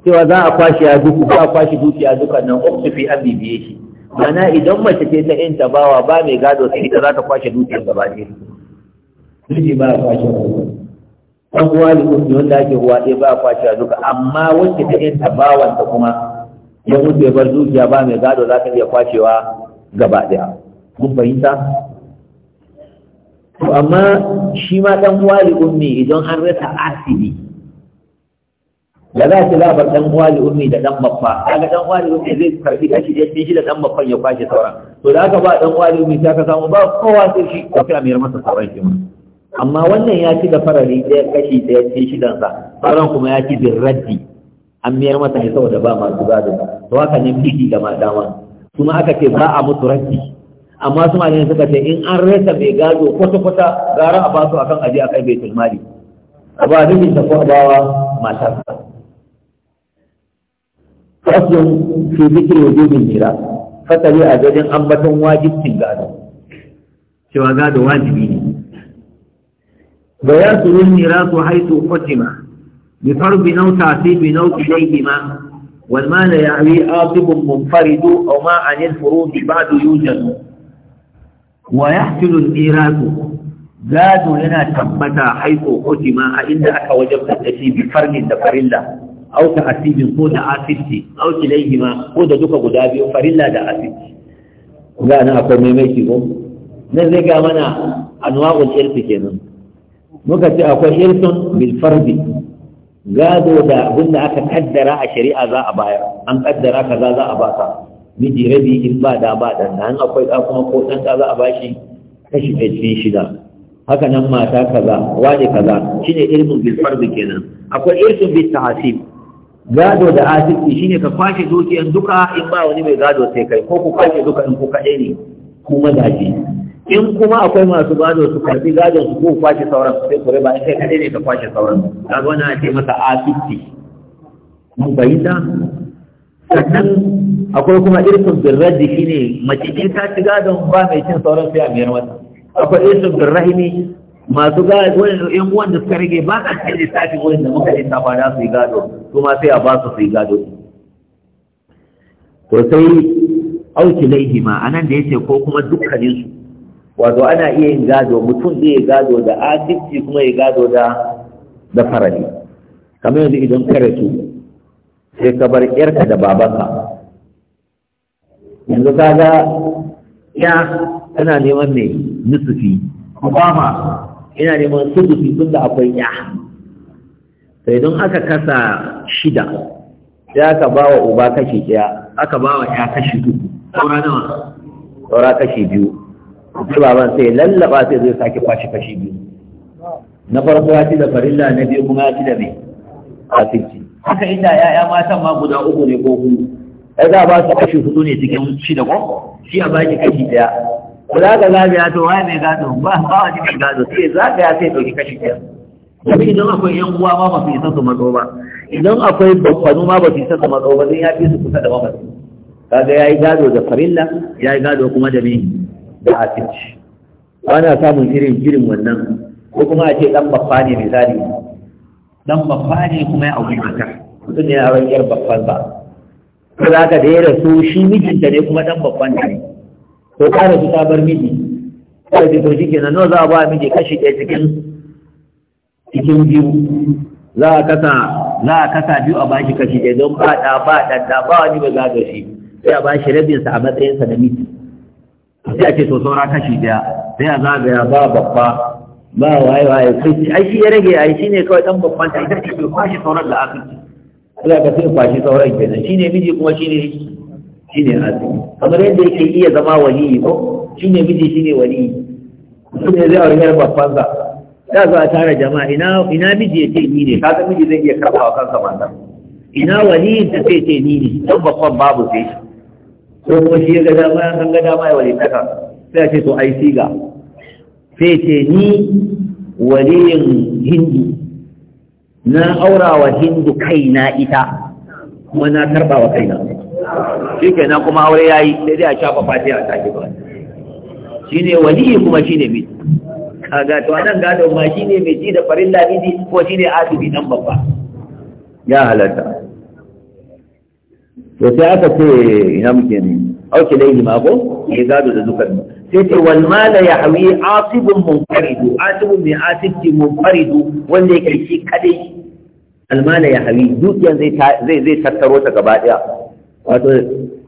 cewa za a kwashe ya duku ko a kwashe dukiya dukan nan uktu fi an bibiye shi mana idan mace ce ta yin tabawa ba mai gado sai ita za ta kwashe dukiya gaba ɗaya miji ba a kwashe ɗan uwa da kuma wanda ake ruwa ɗaya ba a kwashe duka amma wacce ta yin tabawanta ta kuma ya mutu ya bar dukiya ba mai gado za ta iya kwashewa gaba ɗaya kun fahimta to amma shi ma dan uwa li ummi idan an rasa asibi da za ta labar dan uwa li ummi da dan baffa kaga dan uwa li ummi zai karbi kashi da shi da dan baffan ya kwashe sauran to da aka ba dan uwa li ummi sai ka samu ba kowa sai shi ka kira mai masa sauran shi amma wannan ya ci da farari ɗaya kashi ɗaya cikin dansa. sauran kuma ya ci bin raddi an miyar masa ne saboda ba masu gadon to haka ne fiki ga madama kuma aka ce ba a musu raddi amma su malamai suka ce in an rasa mai gado kwata-kwata gara a basu akan aje a kai baitul mali a ba duk ta ko a bawa matar faslun fi zikri wujubin mira fasali a gajen ambaton wajibcin gado cewa gado wajibi ne ya su yi mira su haitu kwatima bi farbi nau tasibi nau ilaihima mun يعوي آطب منفرد أو furu bi ba da يوجد wa yahtilu al-iratu gado yana tabbata haiko kotima a inda aka wajabta da shi bi farnin da farilla au ta asibin ko da asibti au kilayhima ko da duka guda biyu farilla da asibti ga nan akwai maimaiki ko nan zai ga mana anwa'ul irfi kenan muka ce akwai irsun bil fardi gado da abin aka kaddara a shari'a za a bayar an kaddara kaza za a baka miji rabi in ba da ba dan nan akwai da kuma ko dan da za a bashi kashi ɗaya cikin shida haka nan mata kaza wani kaza shine ilmin bil farz kenan akwai irsun bil tahsib gado da asibiti shine ka kwashe dukiyan duka in ba wani mai gado sai kai ko ku kwashe duka in ku kaɗai ne da ji in kuma akwai masu gado su karbi gadon su ko kwashe sauran sai kure ba sai kaɗai ne ka kwashe sauran kaga wannan ake masa asibiti mun bayyana sannan akwai kuma irsun birraddi ne. mace in ta ci gadon ba mai cin sauran sai a biyar wata akwai irsun birrahimi masu gadon wani yan da suka rage ba ka cikin lissafi wani da muka yi tafa na su yi gado kuma sai a ba su yi gado to sai auki laihi ma a nan da ya ce ko kuma dukkaninsu wato ana iya yin gado mutum zai yi gado da adalci kuma ya gado da da farali kamar yanzu idan ka rasu sai ka bar yarka da babanka yanzu kaga ya tana neman ne nusufi obama yana neman sufi tun da akwai ya sai don aka kasa shida ya ka ba wa uba kashi ɗaya aka ba wa ya kashi uku saura nawa saura kashi biyu sai baban sai lallaba sai zai sake kwashi kashi biyu na farko ya ci da farilla na biyu kuma ya ci da mai asirci haka inda ya'ya matan ma guda uku ne ko huɗu ai za a ba su kashi hudu ne cikin da ko shi a baki kashi daya Ku za ka ya to wa mai gado ba ba wani cikin gado sai ya sai ɗauki kashi daya domin idan akwai yan uwa ma ba su isa su matso ba idan akwai babbanu ma ba su isa su matso ba don ya fi su kusa da mamaci kaga ya yi gado da farilla ya yi gado kuma da me da asibiti ana samun irin irin wannan ko kuma a ce dan babba ne misali dan babba ne kuma ya auri mata mutum ne a ran yar babban ba ko za ka da su rasu shi mijinta ne kuma dan babban ta ne ko ka rasu ta bar miji ko da to ke kenan za a ba miji kashi ɗaya cikin cikin biyu za a kasa za a kasa biyu a bashi kashi ɗaya don ba ɗa ba ɗanɗa ba wani ba za ka shi sai a bashi rabinsa a matsayinsa da miji sai a ce to saura kashi ɗaya sai a zagaya ba babba ba waye waye kai ai shi ya rage ai shine kawai dan babban ta ita ce bai shi sauran da aka ci sai ka sai kwashi sauran kenan shine miji kuma shine shine azumi kamar yadda yake iya zama waliyi ko shine miji shine waliyi mutum ne zai aure yar babbansa da za a tara jama'a ina ina miji yace ni ne kaga miji zai iya karbawa kansa mata ina waliyin da sai ce ni ne don babban babu sai ko kuma shi ya ga dama kan ga dama ya wali taka sai ce to ai siga sai ce ni waliyin hindu na aura wa hindu kaina ita kuma na karba wa kaina shi na kuma aure ya yi sai dai a shafa fati a take ba shi ne waliyi kuma shi ne mai kaga to nan gado ma shi ne mai ji da farin lamidi ko shi ne asibi nan babba ya halatta to sai aka ce ina muke ne auki laihi mako? ko ya gado da zukar sai ce wal mala ya hawi asibun munfaridu asibin mai asibci munfaridu wanda ya shi kadai al mala ya hawi dukiyan zai zai tattaro ta gaba daya wato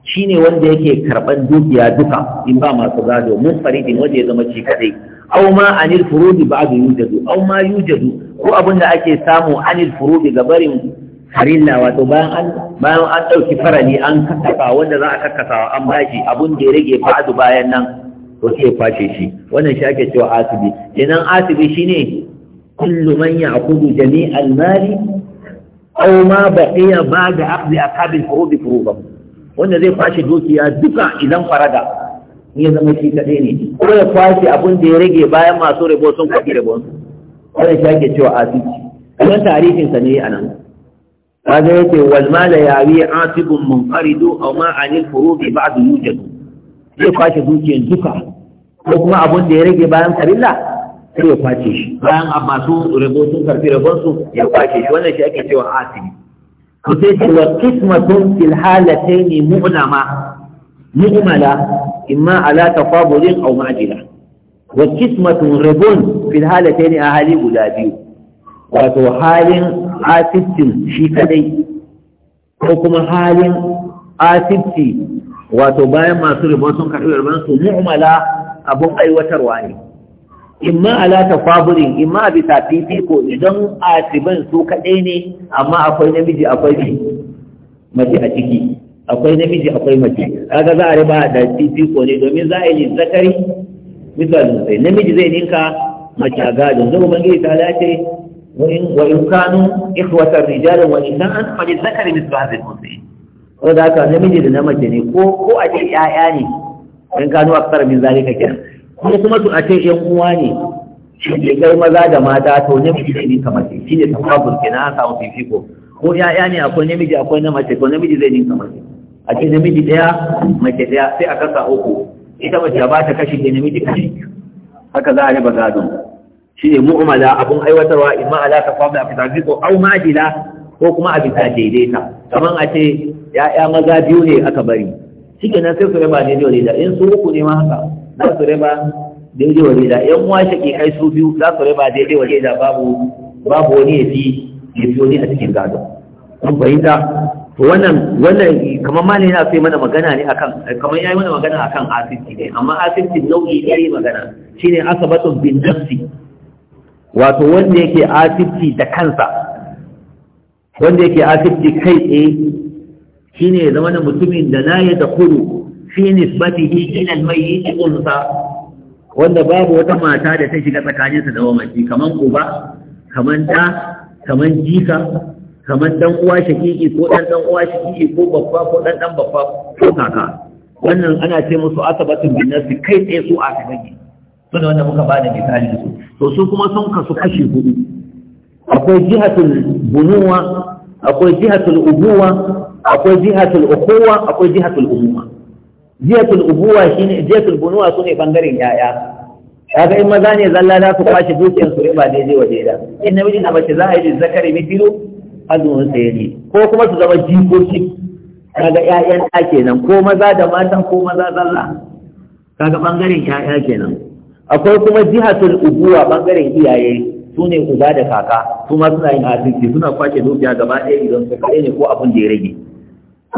shine wanda yake karban dukiya duka in ba masu gado munfaridin wanda ya zama shi kadai aw ma anil furudi ba'du yujadu aw ma yujadu ko abin da ake samu anil furudi gabarin harilla wato bayan an bayan an dauki farali an kakkasa wanda za a kakkasa an bashi abun da ya rage ba'du bayan nan ko sai kwashe shi wannan shi ake cewa asibi kenan asibi shine kullu man ya'khudhu jami'al mali aw ma baqiya ba'da aqdi ashabil furud furuba Wannan zai kwashe dukiya duka idan farada ya zama shi kadai ne ko ya kwashe abun da ya rage bayan masu rabo sun kwafi rabon wannan shi ake cewa asibi kuma tarihin sa ne anan kaga yake wal ya wi asibun munqaridu aw ma anil furud ba'du yujadu zai kwashe dukiyar duka ko kuma abun da ya rage bayan farilla sai ya kwace shi bayan a masu rabo sun karfi rabon ya kwace shi wannan shi ake cewa asibi to sai ce wa qismatun fil halatayn mu'nama mu'mala imma ala tafadulin aw ma'jila wa qismatun rabon fil halatayn a hali guda biyu wato halin asibcin shi kadai ko kuma halin asibci wato bayan masu ribon sun karɓi ribon mu'mala abun aiwatarwa ne imma ala tafaburin imma bisa fifiko idan asiban su kaɗai ne amma akwai namiji akwai mace a ciki akwai namiji akwai mace kaga za a riba da fifiko ne domin za a yi zakari misal sai namiji zai ninka mace a gadon zai ubangiji ta lace wa in kanu ikhwatar rijalin wa in an fari zakari misal hadhihi al-unsayn ko haka namiji da na mace ne ko ko a ce 'ya'ya ne in kanu aksar min zalika kenan kuma kuma su a ce yan uwa ne shi gai maza da mata to namiji da ninka mace shi ne tafabul kenan an samu fifiko ko ya'ya ne akwai namiji akwai na mace ko namiji zai kamar mace a ce namiji daya mace daya sai a kasa uku ita mace ba ta kashi ke namiji kashi haka za a yi bazado shi ne mu'amala abun aiwatarwa imma ala tafamu a fitar ko au ma'adila ko kuma a bisa daidaita kamar a ce ya'ya maza biyu ne aka bari shike nan sai su raba daidai wa da in su uku ne ma haka za su raba daidai wa da yan uwa shake kai su biyu za su raba daidai wa da babu babu wani ya fi ya fi wani a cikin gado kun fahimta to wannan wannan kamar malami yana sai mana magana ne akan kamar yayi mana magana akan asibiti ne amma asibiti nau'i ne magana shine asabatu bin nafsi wato wanda yake asibiti da kansa wanda yake asibiti kai tsaye shine ya zama mutumin da la ya dakhulu fi nisbatihi ila al-mayyit unsa wanda babu wata mata da ta shiga tsakaninsa da mamaci kaman uba kaman da kaman jika kaman dan uwa shakiki ko dan dan uwa shakiki ko babba ko dan dan babba ko kaka wannan ana ce musu asabatu bin nafsi kai tsaye su a to suna wanda muka bada misali su to su kuma sun kasu kashi hudu akwai jihatul bunuwa akwai jihatul ubuwa akwai jihatul ukhuwa akwai jihatul ubuwa jihatul ubuwa shine jihatul bunuwa sune bangaren yaya kaga in maza ne zalla za su kwashi dukiyar su riba daidai waje da in namiji na mace za a yi da zakari mithlu azumin sai ne ko kuma su zama jikoki kaga ƴaƴan ta kenan ko maza da mata ko maza zalla kaga bangaren ƴaƴa kenan akwai kuma jihatul ubuwa bangaren iyaye Sune uba da kaka su ma suna yin asirci suna kwace dukiya gaba ɗaya idan su kare ne ko abin da ya rage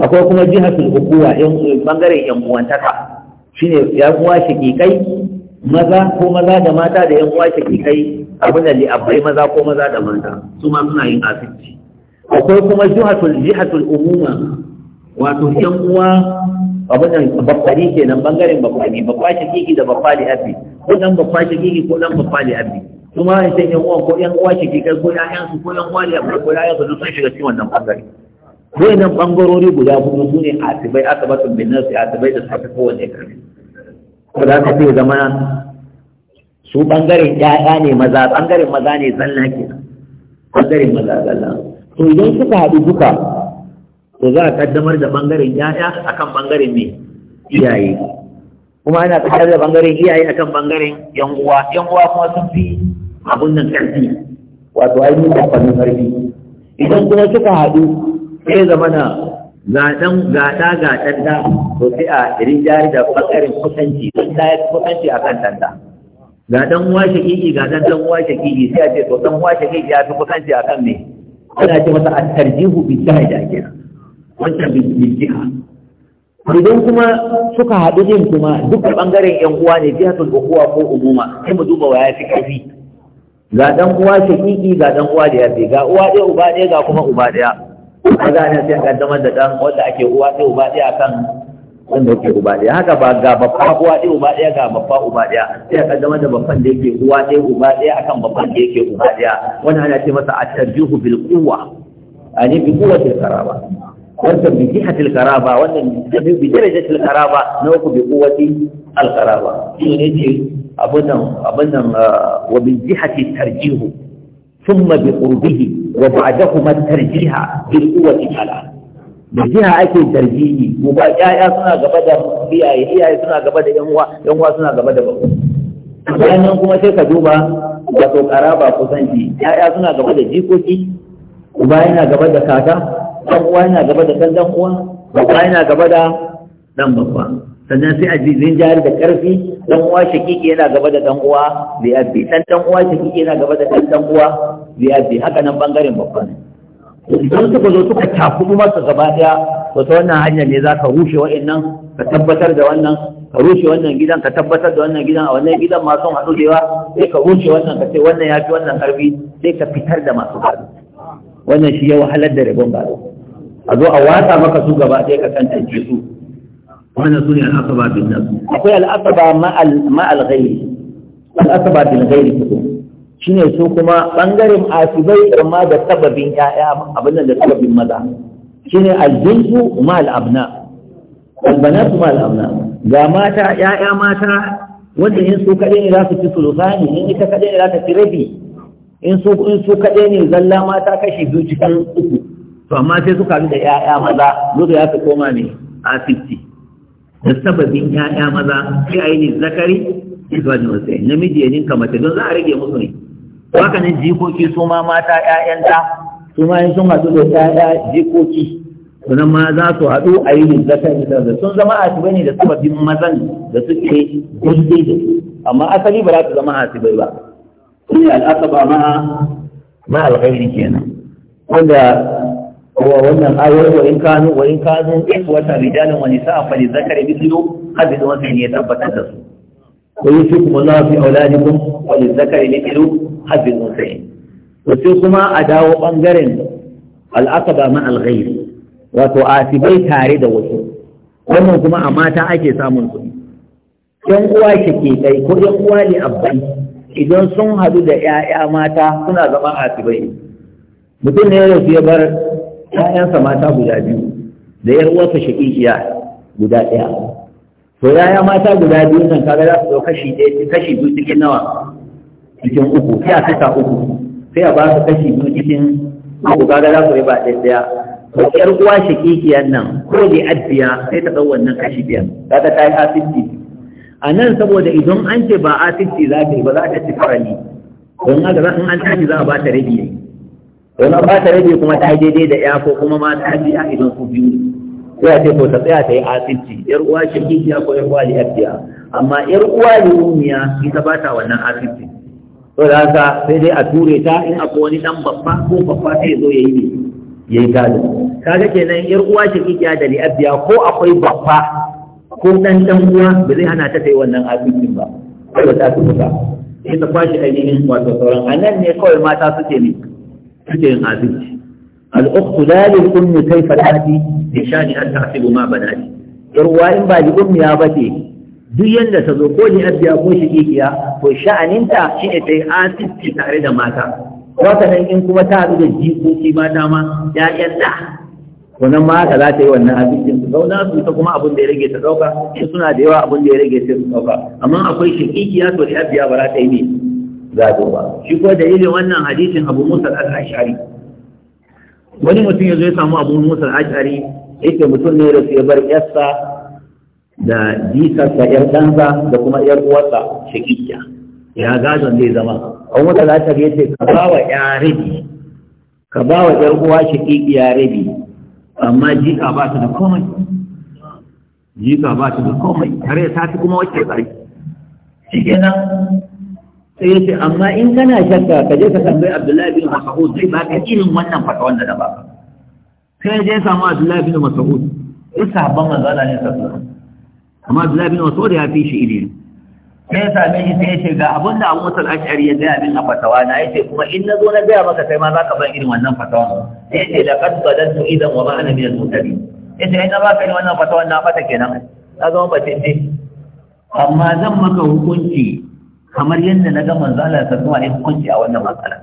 akwai kuma jiha ukuwa yan bangaren yan uwantaka shine yan uwa shakikai maza ko maza da mata da yan uwa shakikai abin da li'abbai maza ko maza da mata su ma suna yin asibiti akwai kuma jiha jihatul umuma wato yan uwa abin da babbali kenan bangaren babbali babba shakiki da babba li'abbi ko dan babba shakiki ko dan babba li'abbi kuma sai yan uwa ko yan uwa shakikai ko ya'yansu ko yan uwa li'abbai ko ya'yansu duk sun shiga cikin wannan bangare wayannan bangarori guda hudu su ne asibai asabatun bin nasu asibai da safi kowane karfi ko za ka fiye zama su bangaren ƴaƴa ne maza bangaren maza ne zalla ke bangaren maza zalla to idan suka haɗu duka to za a kaddamar da bangaren ƴaƴa akan bangaren me iyaye kuma ana kaddamar da bangaren iyaye akan bangaren yan uwa yan uwa kuma sun fi abun nan ƙarfi wato ainihin kwafannin karfi idan kuma suka haɗu sai zama na gaɗan gaɗa gaɗan da to sai a rinjari da bakarin kusanci don da ya kusanci a kan tanda. ga ɗan washe kiki ga ɗan ɗan washe kiki sai a ce to ɗan washe kiki ya fi kusanci a kan me ana ce masa a tarjihu bi jahida kenan wancan bi jiha idan kuma suka haɗu ɗin kuma duk ɓangaren ‘yan uwa ne jihatul uwa ko umuma sai mu duba wa ya fi ƙarfi ga ɗan uwa shaƙiƙi ga ɗan uwa da ya fi ga uwa ɗaya uba ɗaya ga kuma uba ɗaya a yi a kaddamar da ɗan wanda ake uwa ɗaya uba ɗaya kan wanda ke uba ɗaya haka ba ga babba uwa ɗaya uba ɗaya ga babba uba ɗaya sai a kaddamar da babban da yake uwa ɗaya uba ɗaya akan babban da yake uba ɗaya Wani ana ce masa a tarjihu bil a ne bi quwwatil Wannan wanda bi jihatil qaraba wannan bi darajatil qaraba na uku bi quwwati al karaba shi ne ce abin nan nan ah, wa bi jihati tarjihu ثم بقربه وبعدهما الترجيح بالقوة على da jiha ake tarjihi mu ba ƴaƴa suna gaba da iyaye iyaye suna gaba da yan uwa yan uwa suna gaba da babu bayan kuma sai ka duba wato karaba kusanci ƴaƴa suna gaba da jikoki uba yana gaba da uwa yana gaba da uwa yana gaba da ɗan sannan sai a jirgin jari da ƙarfi dan uwa shakiki yana gaba da dan uwa bi abi dan dan uwa shakiki yana gaba da dan dan uwa bi abi haka nan bangaren babba ne idan suka zo suka takubu masa gaba daya to ta wannan hanya ne za ka rushe wa'annan ka tabbatar da wannan ka rushe wannan gidan ka tabbatar da wannan gidan a wannan gidan masu haɗu da yawa sai ka rushe wannan ka ce wannan ya fi wannan ƙarfi sai ka fitar da masu gado wannan shi ya wahalar da rabon gado a zo a watsa maka su gaba ɗaya ka tantance su wannan sune al'asaba bin nasu. akwai al'asaba ma al-ghairi al'asaba bil ghairi shine su kuma ɓangaren asibai amma da sababin ya'ya abin nan da sababin maza shine al-jinsu ma al'abna. abna al ma al'abna. abna ga mata ya'ya mata wanda in su kaɗai ne za su ci sulusani in ita kaɗai ne za ta ci rabi in su in su kaɗai ne zalla mata kashi biyu cikin uku to amma sai suka bi da 'ya'ya maza duk ya fi koma ne asibiti da sababin ya'ya maza sai a yi ne zakari ibn wasai namiji ya ninka mace don za a rage musu ne haka ne jikoki su ma mata ya'yanta su ma in sun haɗu da ta'ya jikoki sannan ma za su haɗu a yi ne zakari da sun zama a asibai ne da sababin mazan da suke daidai da su amma asali ba za su zama a asibai ba sai al'asaba ma ma alkhairi kenan wanda هو wannan ayoyi wa in kanu wa in kanu wata rijalan wa nisaa fa li zakari mithlu hadhihi wasa ne tabbatar da su wa yusikum Allah fi auladikum wa li zakari mithlu hadhihi wasa wasu kuma a dawo bangaren al'aqaba ma al-ghayr wato asibai tare da wasu wannan kuma a mata ake samun su yan uwa shake kai ko yan uwa li abbai idan sun hadu da 'ya'ya mata suna zama asibai mutum ne ya ya bar ‘ya’yansa mata guda biyu da yar uwarsa shaƙiƙiya guda ɗaya to yaya mata guda biyu nan kaga za su zo kashi ɗaya kashi biyu cikin nawa cikin uku sai a kasa uku sai a ba su kashi biyu cikin uku kaga za su yi ba ɗaya ɗaya to ƴar uwa shaqiqiyar nan ko da addiya sai ta ɗau wannan kashi biyar za ta yi asibiti a nan saboda idan an ce ba asibiti za ta yi ba za ta ci farali don haka in an tashi za a ba ta rabi ne. wannan ba ta rabi kuma ta daidai da ya ko kuma ma ta hajiya idan ku biyu sai a ce ko ta tsaya ta yi asibiti yar uwa shakikiya ko yar uwa liyafiya amma yar uwa lumiya ita ba ta wannan asibiti to da haka sai dai a ture ta in akwai wani dan babba ko babba sai zo yayi ne yayi gado kaga kenan yar uwa shakikiya da liyafiya ko akwai babba ko dan dan uwa ba zai hana ta yi wannan asibitin ba sai ta tuka sai kwashi ainihin wato sauran anan ne kawai mata suke ne take yin azumci al'ukhtu la lil ummi kayfa tati bi shani an tahsibu ma banati yar uwa in ba li ummi ya bace duk yanda ta zo ko ni abiya ko shi kikiya ko sha'aninta shine ta a asibiti tare da mata wata nan in kuma ta haɗu da jikoki mata ma ya yanda. wannan ma haka za ta yi wannan abincin su zauna su ta kuma abin da ya rage ta ɗauka shi suna da yawa abin da ya rage ta su ɗauka amma akwai shakikiya to da abiya ba za ta yi ne za a duba shi ko dalilin wannan hadisin abu musa al-ashari wani mutum ya zo ya samu abu musa al-ashari yake mutum ne da ya bar yarsa da jisarsa yar ɗansa da kuma yar uwarsa shakiyya ya gadon zai zama musa al-ashari ya ce ka ba wa ya ka ba wa yar uwa shakiyya rabi amma jika ba ta da komai jika ba ta da komai tare ta fi kuma wacce tsari shi kenan sai ce amma in kana shakka ka je ka tambayi Abdullahi bin Mas'ud zai ba ka irin wannan fata da na baka sai je samu Abdullahi bin Mas'ud duk sahabban manzo Allah ne sallallahu amma Abdullahi bin Mas'ud ya fi shi ilimi sai ya same shi sai ya ce ga abin da Abu Musa al-Ash'ari ya gaya min a fatawa na ce kuma in na zo na gaya maka sai ma za ka ban irin wannan fatawa sai kan laqad badantu idan wa ma ana min al ya ce ina ba ka ni wannan fatawa na fata kenan Na zama batin amma zan maka hukunci kamar yadda na gama zala ta zuwa ne hukunci a wannan matsala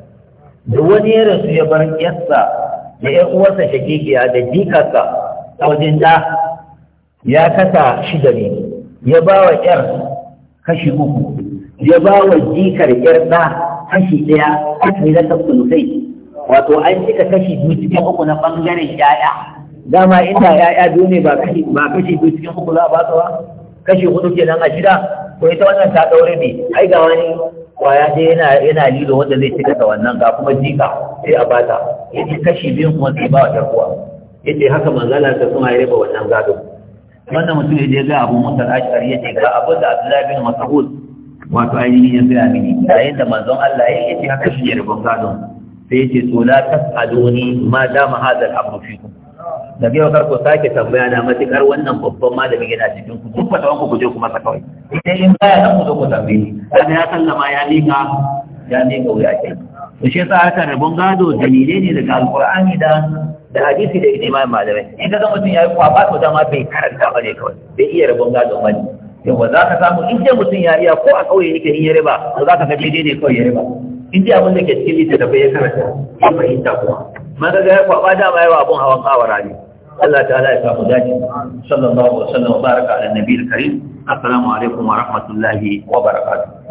da wani ya rasu ya bar yarsa da ya uwarsa shakikiya da jikarsa a wajen da ya kasa shi da ne ya ba wa ƴar kashi uku ya ba wa jikar yar ɗa kashi ɗaya a tafsir sai wato an cika kashi biyu cikin uku na ɓangaren ƴaƴa dama inda ƴaƴa biyu ne ba kashi biyu cikin uku za a ba su ba kashi hudu kenan a shida ko ita wannan ta daure ne ai ga wani kwaya dai yana yana lilo wanda zai cika da wannan ga kuma jika sai a bata yace kashi biyun kuma sai ba wa ya yace haka manzala ta kuma ya riba wannan gado wannan mutum ya je ga Abu Musa al-Ashari yace ga Abu da Abdullah bin Mas'ud wato ainihin ya tsaya mini da yadda manzon Allah ya yace haka shi ne ribon gado sai yace to la tasaluni ma dama hadal amru fikum daga yau kar sake tambaya na matukar wannan babban malamin yana cikin ku duk fatawan ku kuje ku masa kawai idan in baya nan ku zo ku tambaye ni dan ya sallama ya mika ya mika wuya ke to shi yasa aka rabon gado dalilai ne daga alqur'ani da da hadisi da ijma'in malamai in ka ga mutum ya yi kwaba to dama bai karanta ba ne kawai bai iya rabon gado ba ne yawa za ka samu in mutum ya iya ko a kauye yake in ya riba to za ka ga daidai ne kawai ya riba in ji abin da ke cikin littattafai ya karanta ya fahimta kuma ma ga ya kwaba da ma yawa abun hawan kawara ne Allah ta'ala ya samu dace sallallahu alaihi wa sallam baraka ala nabiyil karim assalamu alaikum wa rahmatullahi wa barakatuh